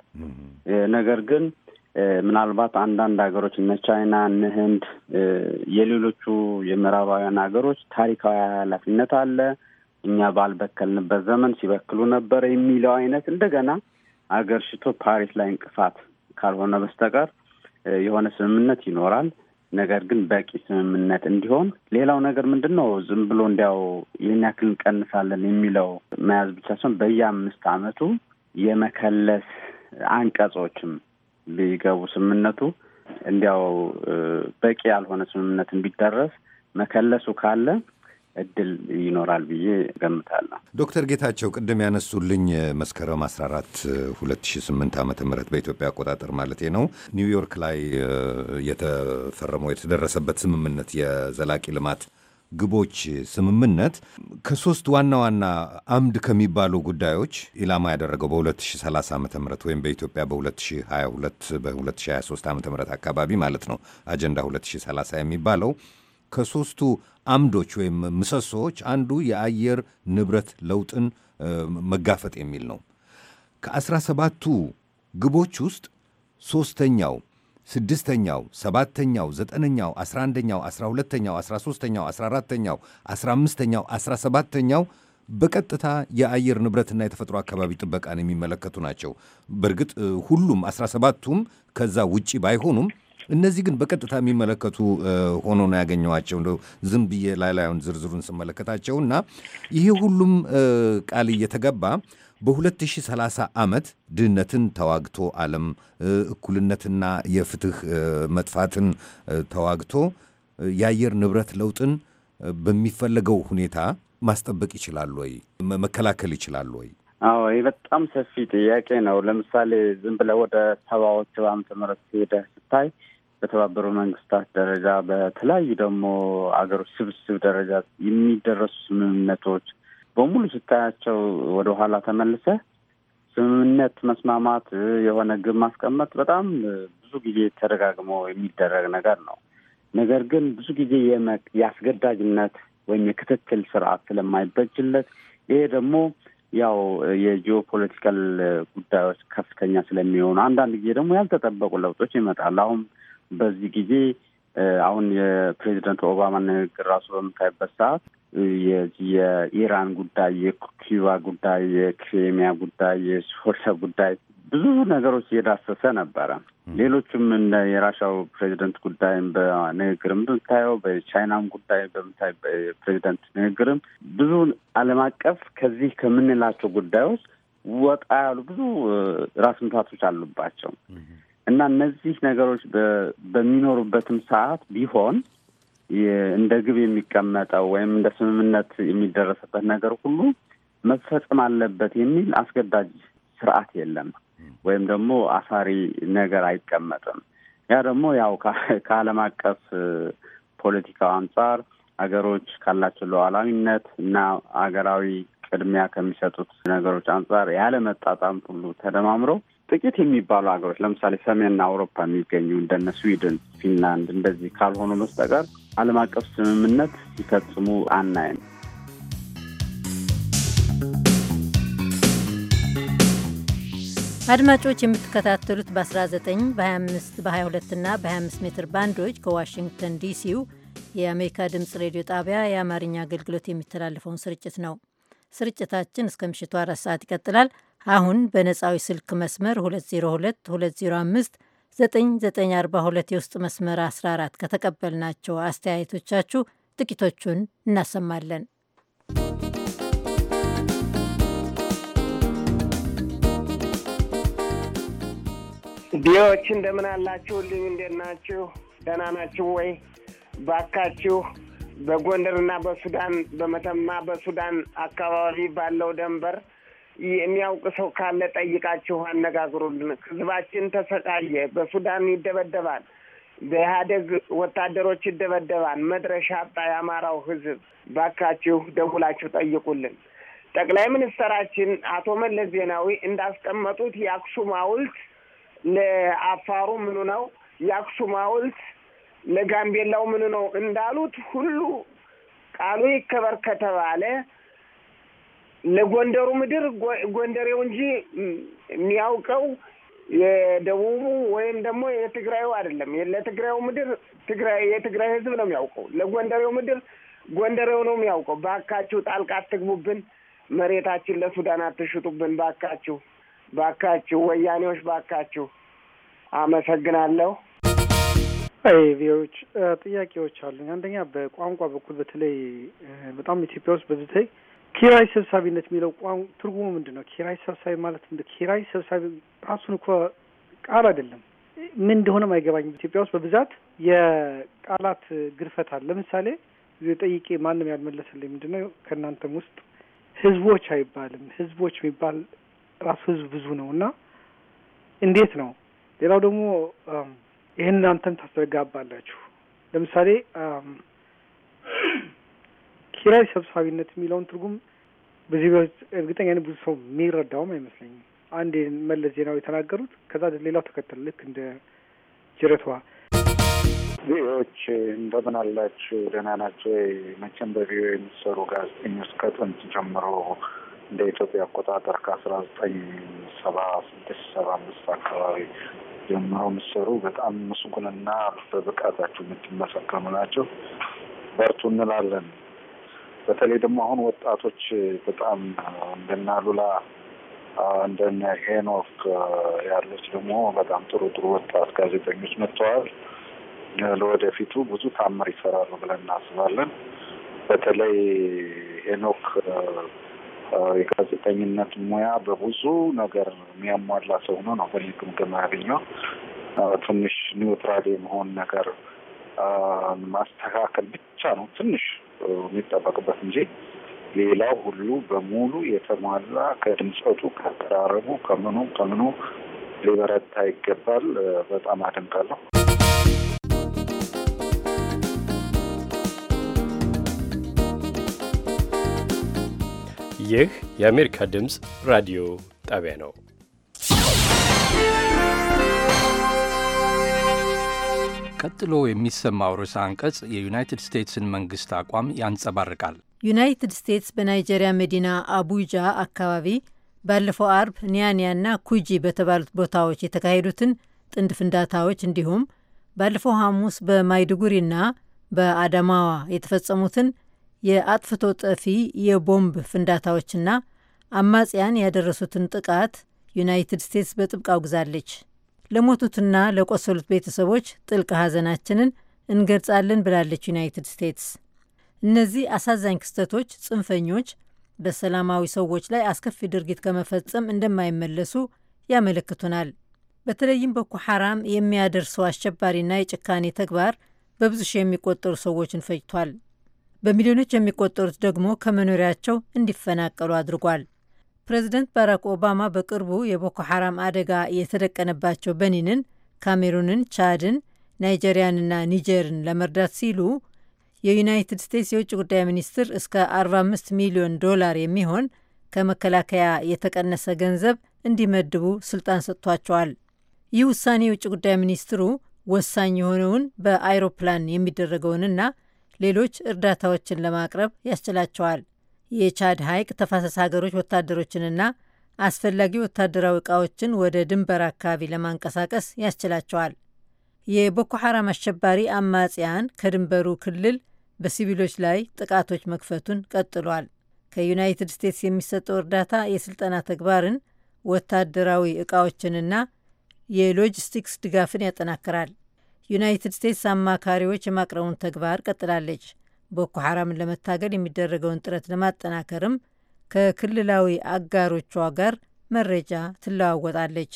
ነገር ግን ምናልባት አንዳንድ ሀገሮች እነ ቻይና፣ እነ ህንድ፣ የሌሎቹ የምዕራባውያን ሀገሮች ታሪካዊ ኃላፊነት አለ እኛ ባልበከልንበት ዘመን ሲበክሉ ነበረ የሚለው አይነት እንደገና አገር ሽቶ ፓሪስ ላይ እንቅፋት ካልሆነ በስተቀር የሆነ ስምምነት ይኖራል። ነገር ግን በቂ ስምምነት እንዲሆን። ሌላው ነገር ምንድን ነው ዝም ብሎ እንዲያው ይህን ያክል እንቀንሳለን የሚለው መያዝ ብቻ ሲሆን በየአምስት ዓመቱ የመከለስ አንቀጾችም ቢገቡ ስምምነቱ እንዲያው በቂ ያልሆነ ስምምነት ቢደረስ መከለሱ ካለ እድል ይኖራል ብዬ ገምታለሁ። ዶክተር ጌታቸው ቅድም ያነሱልኝ መስከረም 14 2008 ዓ ም በኢትዮጵያ አቆጣጠር ማለት ነው ኒውዮርክ ላይ uh, የተፈረመው የተደረሰበት ስምምነት የዘላቂ ልማት ግቦች ስምምነት ከሶስት ዋና ዋና አምድ ከሚባሉ ጉዳዮች ኢላማ ያደረገው በ2030 ዓ ም ወይም በኢትዮጵያ በ2022 በ2023 ዓ ም አካባቢ ማለት ነው አጀንዳ 2030 የሚባለው ከሶስቱ አምዶች ወይም ምሰሶዎች አንዱ የአየር ንብረት ለውጥን መጋፈጥ የሚል ነው። ከአስራ ሰባቱ ግቦች ውስጥ ሶስተኛው፣ ስድስተኛው፣ ሰባተኛው፣ ዘጠነኛው፣ አስራ አንደኛው፣ አስራ ሁለተኛው፣ አስራ ሶስተኛው፣ አስራ አራተኛው፣ አስራ አምስተኛው፣ አስራ ሰባተኛው በቀጥታ የአየር ንብረትና የተፈጥሮ አካባቢ ጥበቃን የሚመለከቱ ናቸው። በእርግጥ ሁሉም አስራ ሰባቱም ከዛ ውጪ ባይሆኑም እነዚህ ግን በቀጥታ የሚመለከቱ ሆኖ ነው ያገኘዋቸው። እንደው ዝም ብዬ ላይ ላዩን ዝርዝሩን ስመለከታቸው እና ይሄ ሁሉም ቃል እየተገባ በ2030 ዓመት ድህነትን ተዋግቶ ዓለም እኩልነትና የፍትህ መጥፋትን ተዋግቶ የአየር ንብረት ለውጥን በሚፈለገው ሁኔታ ማስጠበቅ ይችላል ወይ? መከላከል ይችላል ወይ? አዎ ይህ በጣም ሰፊ ጥያቄ ነው። ለምሳሌ ዝም ብለህ ወደ ሰባዎቹ ዓመተ ምህረት ሄደህ ስታይ በተባበሩ መንግስታት ደረጃ በተለያዩ ደግሞ አገሮች ስብስብ ደረጃ የሚደረሱ ስምምነቶች በሙሉ ስታያቸው ወደ ኋላ ተመልሰ ስምምነት መስማማት፣ የሆነ ግብ ማስቀመጥ በጣም ብዙ ጊዜ ተደጋግሞ የሚደረግ ነገር ነው። ነገር ግን ብዙ ጊዜ የአስገዳጅነት ወይም የክትትል ስርዓት ስለማይበጅለት ይሄ ደግሞ ያው የጂኦ ፖለቲካል ጉዳዮች ከፍተኛ ስለሚሆኑ አንዳንድ ጊዜ ደግሞ ያልተጠበቁ ለውጦች ይመጣል። አሁን በዚህ ጊዜ አሁን የፕሬዚደንት ኦባማ ንግግር ራሱ በምታይበት ሰዓት የዚህ የኢራን ጉዳይ፣ የኩባ ጉዳይ፣ የክሬሚያ ጉዳይ፣ የሶሪያ ጉዳይ ብዙ ነገሮች እየዳሰሰ ነበረ። ሌሎችም እነ የራሻው ፕሬዚደንት ጉዳይም በንግግርም ብምታየው በቻይናም ጉዳይ በምታይ ፕሬዚደንት ንግግርም ብዙ ዓለም አቀፍ ከዚህ ከምንላቸው ጉዳዮች ወጣ ያሉ ብዙ ራስ ምታቶች አሉባቸው። እና እነዚህ ነገሮች በሚኖሩበትም ሰዓት ቢሆን እንደ ግብ የሚቀመጠው ወይም እንደ ስምምነት የሚደረስበት ነገር ሁሉ መፈጸም አለበት የሚል አስገዳጅ ስርዓት የለም፣ ወይም ደግሞ አሳሪ ነገር አይቀመጥም። ያ ደግሞ ያው ከዓለም አቀፍ ፖለቲካው አንጻር ሀገሮች ካላቸው ሉዓላዊነት እና ሀገራዊ ቅድሚያ ከሚሰጡት ነገሮች አንጻር ያለመጣጣም ሁሉ ተደማምረው ጥቂት የሚባሉ ሀገሮች ለምሳሌ ሰሜንና አውሮፓ የሚገኙ እንደነ ስዊድን፣ ፊንላንድ እንደዚህ ካልሆኑ በስተቀር ዓለም አቀፍ ስምምነት ሲፈጽሙ አናይም። አድማጮች የምትከታተሉት በ19 በ25 በ22 እና በ25 ሜትር ባንዶች ከዋሽንግተን ዲሲው የአሜሪካ ድምፅ ሬዲዮ ጣቢያ የአማርኛ አገልግሎት የሚተላለፈውን ስርጭት ነው። ስርጭታችን እስከ ምሽቱ አራት ሰዓት ይቀጥላል። አሁን በነፃዊ ስልክ መስመር 2022059942 የውስጥ መስመር 14 ከተቀበልናቸው አስተያየቶቻችሁ ጥቂቶቹን እናሰማለን። ዲዮች እንደምን አላችሁልኝ? እንዴት ናችሁ? ደህና ናችሁ ወይ? ባካችሁ በጎንደርና በሱዳን በመተማ በሱዳን አካባቢ ባለው ደንበር የሚያውቅ ሰው ካለ ጠይቃችሁ አነጋግሩልን። ህዝባችን ተሰቃየ። በሱዳን ይደበደባል፣ በኢህአደግ ወታደሮች ይደበደባል። መድረሻ አጣ የአማራው ህዝብ። ባካችሁ ደውላችሁ ጠይቁልን። ጠቅላይ ሚኒስትራችን አቶ መለስ ዜናዊ እንዳስቀመጡት የአክሱም ሐውልት ለአፋሩ ምኑ ነው፣ የአክሱም ሐውልት ለጋምቤላው ምኑ ነው እንዳሉት ሁሉ ቃሉ ይከበር ከተባለ ለጎንደሩ ምድር ጎንደሬው እንጂ የሚያውቀው የደቡቡ ወይም ደግሞ የትግራዩ አይደለም። ለትግራዩ ምድር የትግራይ ህዝብ ነው የሚያውቀው። ለጎንደሬው ምድር ጎንደሬው ነው የሚያውቀው። ባካችሁ ጣልቃ አትግቡብን፣ መሬታችን ለሱዳን አትሽጡብን፣ ባካችሁ፣ ባካችሁ ወያኔዎች፣ ባካችሁ። አመሰግናለሁ። ቪዎች ጥያቄዎች አሉኝ። አንደኛ በቋንቋ በኩል በተለይ በጣም ኢትዮጵያ ውስጥ በዚህ ኪራይ ሰብሳቢነት የሚለው ቋንቋ ትርጉሙ ምንድን ነው? ኪራይ ሰብሳቢ ማለት ምንድን ኪራይ ሰብሳቢ ራሱን እኮ ቃል አይደለም ምን እንደሆነም አይገባኝም። ኢትዮጵያ ውስጥ በብዛት የቃላት ግርፈት አለ። ለምሳሌ ጠይቄ ማንም ያልመለሰልኝ ምንድን ነው ከእናንተም ውስጥ ህዝቦች አይባልም። ህዝቦች የሚባል ራሱ ህዝብ ብዙ ነው እና እንዴት ነው? ሌላው ደግሞ ይህን እናንተም ታስተጋባላችሁ። ለምሳሌ ኪራይ ሰብሳቢነት የሚለውን ትርጉም በዚህ እርግጠኛ ብዙ ሰው የሚረዳውም አይመስለኝም። አንድ መለስ ዜናዊ የተናገሩት ከዛ ሌላው ተከተል ልክ እንደ ጅረት ውሃ እንደምን አላችሁ? ደህና ናቸው ወይ? መቼም የሚሰሩ ጋዜጠኞች ከጥንት ጀምሮ እንደ ኢትዮጵያ አቆጣጠር ከአስራ ዘጠኝ ሰባ ስድስት ሰባ አምስት አካባቢ ጀምሮ የሚሰሩ በጣም ምስጉንና በብቃታችሁ የምትመሰገኑ ናቸው። በርቱ እንላለን። በተለይ ደግሞ አሁን ወጣቶች በጣም እንደና ሉላ እንደነ ሄኖክ ያሉት ደግሞ በጣም ጥሩ ጥሩ ወጣት ጋዜጠኞች መጥተዋል። ለወደፊቱ ብዙ ታምር ይሰራሉ ብለን እናስባለን። በተለይ ሄኖክ የጋዜጠኝነት ሙያ በብዙ ነገር የሚያሟላ ሰው ሆኖ ነው በእኔ ግምገማ ያገኘው ትንሽ ኒውትራል የመሆን ነገር ማስተካከል ብቻ ነው ትንሽ የሚጠበቅበት እንጂ ሌላው ሁሉ በሙሉ የተሟላ ከድምፀቱ፣ ከአቀራረቡ፣ ከምኑ ከምኑ ሊበረታ ይገባል። በጣም አደንቃለሁ። ይህ የአሜሪካ ድምፅ ራዲዮ ጣቢያ ነው። ቀጥሎ የሚሰማው ርዕሰ አንቀጽ የዩናይትድ ስቴትስን መንግስት አቋም ያንጸባርቃል። ዩናይትድ ስቴትስ በናይጄሪያ መዲና አቡጃ አካባቢ ባለፈው አርብ ና ኩጂ በተባሉት ቦታዎች የተካሄዱትን ጥንድ ፍንዳታዎች እንዲሁም ባለፈው ሐሙስ በማይድጉሪና በአዳማዋ የተፈጸሙትን የአጥፍቶ ጠፊ የቦምብ ፍንዳታዎችና አማጽያን ያደረሱትን ጥቃት ዩናይትድ ስቴትስ በጥብቅ አውግዛለች። ለሞቱትና ለቆሰሉት ቤተሰቦች ጥልቅ ሐዘናችንን እንገልጻለን ብላለች ዩናይትድ ስቴትስ። እነዚህ አሳዛኝ ክስተቶች ጽንፈኞች በሰላማዊ ሰዎች ላይ አስከፊ ድርጊት ከመፈጸም እንደማይመለሱ ያመለክቱናል። በተለይም ቦኮ ሐራም የሚያደርሰው አሸባሪና የጭካኔ ተግባር በብዙ ሺህ የሚቆጠሩ ሰዎችን ፈጅቷል። በሚሊዮኖች የሚቆጠሩት ደግሞ ከመኖሪያቸው እንዲፈናቀሉ አድርጓል። ፕሬዚደንት ባራክ ኦባማ በቅርቡ የቦኮ ሐራም አደጋ የተደቀነባቸው በኒንን፣ ካሜሩንን፣ ቻድን፣ ናይጄሪያንና ኒጀርን ለመርዳት ሲሉ የዩናይትድ ስቴትስ የውጭ ጉዳይ ሚኒስትር እስከ 45 ሚሊዮን ዶላር የሚሆን ከመከላከያ የተቀነሰ ገንዘብ እንዲመድቡ ስልጣን ሰጥቷቸዋል። ይህ ውሳኔ የውጭ ጉዳይ ሚኒስትሩ ወሳኝ የሆነውን በአይሮፕላን የሚደረገውንና ሌሎች እርዳታዎችን ለማቅረብ ያስችላቸዋል። የቻድ ሐይቅ ተፋሰስ ሀገሮች ወታደሮችንና አስፈላጊ ወታደራዊ እቃዎችን ወደ ድንበር አካባቢ ለማንቀሳቀስ ያስችላቸዋል። የቦኮ ሐራም አሸባሪ አማጽያን ከድንበሩ ክልል በሲቪሎች ላይ ጥቃቶች መክፈቱን ቀጥሏል። ከዩናይትድ ስቴትስ የሚሰጠው እርዳታ የስልጠና ተግባርን፣ ወታደራዊ ዕቃዎችንና የሎጂስቲክስ ድጋፍን ያጠናክራል። ዩናይትድ ስቴትስ አማካሪዎች የማቅረቡን ተግባር ቀጥላለች። ቦኮ ሐራምን ለመታገል የሚደረገውን ጥረት ለማጠናከርም ከክልላዊ አጋሮቿ ጋር መረጃ ትለዋወጣለች።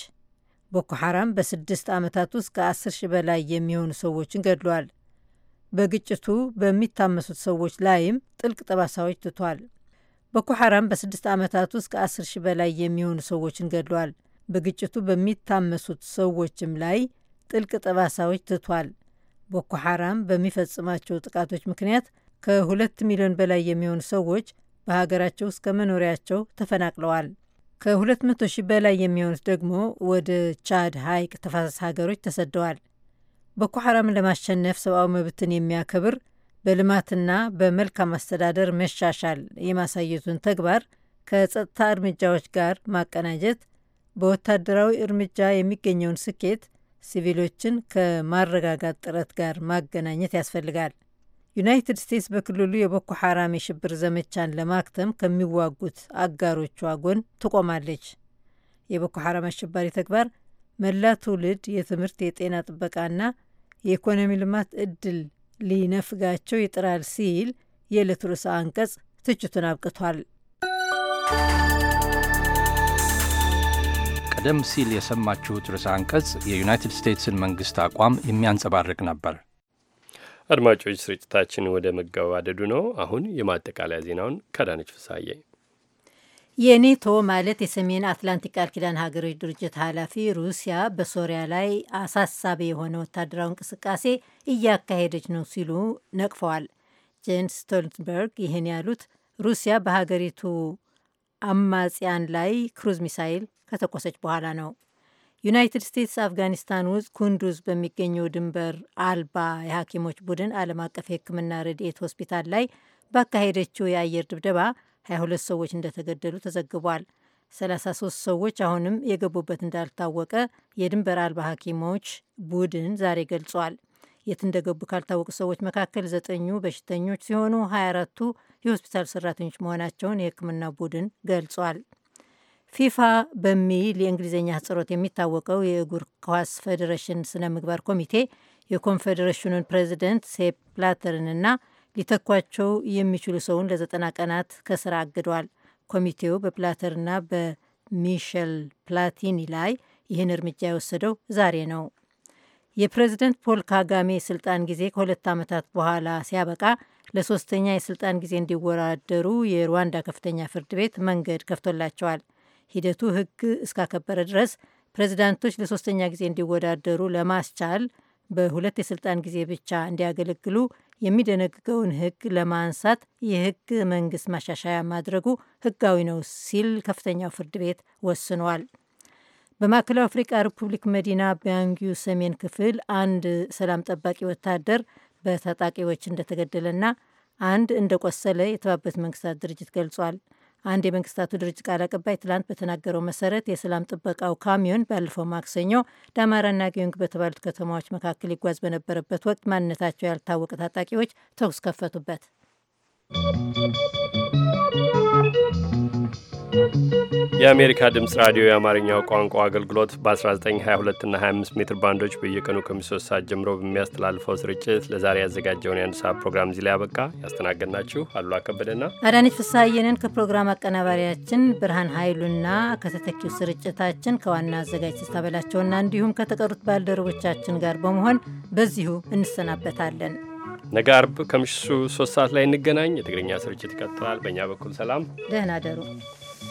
ቦኮ ሐራም በስድስት ዓመታት ውስጥ ከአስር ሺህ በላይ የሚሆኑ ሰዎችን ገድሏል። በግጭቱ በሚታመሱት ሰዎች ላይም ጥልቅ ጠባሳዎች ትቷል። ቦኮ ሐራም በስድስት ዓመታት ውስጥ ከአስር ሺህ በላይ የሚሆኑ ሰዎችን ገድሏል። በግጭቱ በሚታመሱት ሰዎችም ላይ ጥልቅ ጠባሳዎች ትቷል። ቦኮ ሐራም በሚፈጽማቸው ጥቃቶች ምክንያት ከሁለት ሚሊዮን በላይ የሚሆኑ ሰዎች በሀገራቸው ውስጥ ከመኖሪያቸው ተፈናቅለዋል። ከ መቶ ሺህ በላይ የሚሆኑት ደግሞ ወደ ቻድ ሐይቅ ተፋሰስ ሀገሮች ተሰደዋል። ቦኮ ሐራምን ለማሸነፍ ሰብአዊ መብትን የሚያከብር በልማትና በመልካም አስተዳደር መሻሻል የማሳየቱን ተግባር ከጸጥታ እርምጃዎች ጋር ማቀናጀት፣ በወታደራዊ እርምጃ የሚገኘውን ስኬት ሲቪሎችን ከማረጋጋት ጥረት ጋር ማገናኘት ያስፈልጋል። ዩናይትድ ስቴትስ በክልሉ የቦኮ ሐራም የሽብር ዘመቻን ለማክተም ከሚዋጉት አጋሮቿ ጎን ትቆማለች። የቦኮ ሐራም አሸባሪ ተግባር መላ ትውልድ የትምህርት፣ የጤና ጥበቃና የኢኮኖሚ ልማት እድል ሊነፍጋቸው ይጥራል ሲል የዕለት ርዕሰ አንቀጽ ትችቱን አብቅቷል። ቀደም ሲል የሰማችሁት ርዕሰ አንቀጽ የዩናይትድ ስቴትስን መንግስት አቋም የሚያንጸባርቅ ነበር። አድማጮች ስርጭታችን ወደ መገባደዱ ነው። አሁን የማጠቃለያ ዜናውን ከዳነች ፍሳዬ። የኔቶ ማለት የሰሜን አትላንቲክ ቃል ኪዳን ሀገሮች ድርጅት ኃላፊ ሩሲያ በሶሪያ ላይ አሳሳቢ የሆነ ወታደራዊ እንቅስቃሴ እያካሄደች ነው ሲሉ ነቅፈዋል። ጄን ስቶልትንበርግ ይህን ያሉት ሩሲያ በሀገሪቱ አማጽያን ላይ ክሩዝ ሚሳይል ከተኮሰች በኋላ ነው። ዩናይትድ ስቴትስ አፍጋኒስታን ውስጥ ኩንዱዝ በሚገኘው ድንበር አልባ የሐኪሞች ቡድን ዓለም አቀፍ የሕክምና ረድኤት ሆስፒታል ላይ ባካሄደችው የአየር ድብደባ 22 ሰዎች እንደተገደሉ ተዘግቧል። 33 ሰዎች አሁንም የገቡበት እንዳልታወቀ የድንበር አልባ ሐኪሞች ቡድን ዛሬ ገልጿል። የት እንደገቡ ካልታወቁ ሰዎች መካከል ዘጠኙ በሽተኞች ሲሆኑ 24ቱ የሆስፒታል ሰራተኞች መሆናቸውን የህክምና ቡድን ገልጿል። ፊፋ በሚል የእንግሊዝኛ ጽሮት የሚታወቀው የእግር ኳስ ፌዴሬሽን ስነ ምግባር ኮሚቴ የኮንፌዴሬሽኑን ፕሬዚደንት ሴፕ ብላተርንና ሊተኳቸው የሚችሉ ሰውን ለዘጠና ቀናት ከስራ አግዷል። ኮሚቴው በፕላተርና በሚሸል ፕላቲኒ ላይ ይህን እርምጃ የወሰደው ዛሬ ነው። የፕሬዚደንት ፖል ካጋሜ የስልጣን ጊዜ ከሁለት ዓመታት በኋላ ሲያበቃ ለሶስተኛ የስልጣን ጊዜ እንዲወዳደሩ የሩዋንዳ ከፍተኛ ፍርድ ቤት መንገድ ከፍቶላቸዋል። ሂደቱ ህግ እስካከበረ ድረስ ፕሬዚዳንቶች ለሶስተኛ ጊዜ እንዲወዳደሩ ለማስቻል በሁለት የስልጣን ጊዜ ብቻ እንዲያገለግሉ የሚደነግገውን ህግ ለማንሳት የህግ መንግስት ማሻሻያ ማድረጉ ህጋዊ ነው ሲል ከፍተኛው ፍርድ ቤት ወስኗል። በማዕከላዊ አፍሪቃ ሪፑብሊክ መዲና ባንጊው ሰሜን ክፍል አንድ ሰላም ጠባቂ ወታደር በታጣቂዎች እንደተገደለና አንድ እንደቆሰለ የተባበሩት መንግስታት ድርጅት ገልጿል። አንድ የመንግስታቱ ድርጅት ቃል አቀባይ ትላንት በተናገረው መሰረት የሰላም ጥበቃው ካሚዮን ባለፈው ማክሰኞ ዳማራና ጊዮንግ በተባሉት ከተማዎች መካከል ይጓዝ በነበረበት ወቅት ማንነታቸው ያልታወቀ ታጣቂዎች ተኩስ ከፈቱበት። የአሜሪካ ድምፅ ራዲዮ የአማርኛው ቋንቋ አገልግሎት በ1922 እና 25 ሜትር ባንዶች በየቀኑ ከሚ ሰዓት ጀምሮ በሚያስተላልፈው ስርጭት ለዛሬ ያዘጋጀውን የአንድ ሰዓት ፕሮግራም እዚህ ላይ ያበቃ። ያስተናገድናችሁ አሉ አከበደና አዳነች ፍስሐየንን ከፕሮግራም አቀናባሪያችን ብርሃን ኃይሉና ከተተኪው ስርጭታችን ከዋና አዘጋጅ ስታበላቸውና እንዲሁም ከተቀሩት ባልደረቦቻችን ጋር በመሆን በዚሁ እንሰናበታለን። ነገ አርብ ከምሽቱ ሰዓት ላይ እንገናኝ። የትግርኛ ስርጭት ይቀጥላል። በእኛ በኩል ሰላም፣ ደህና ደሩ።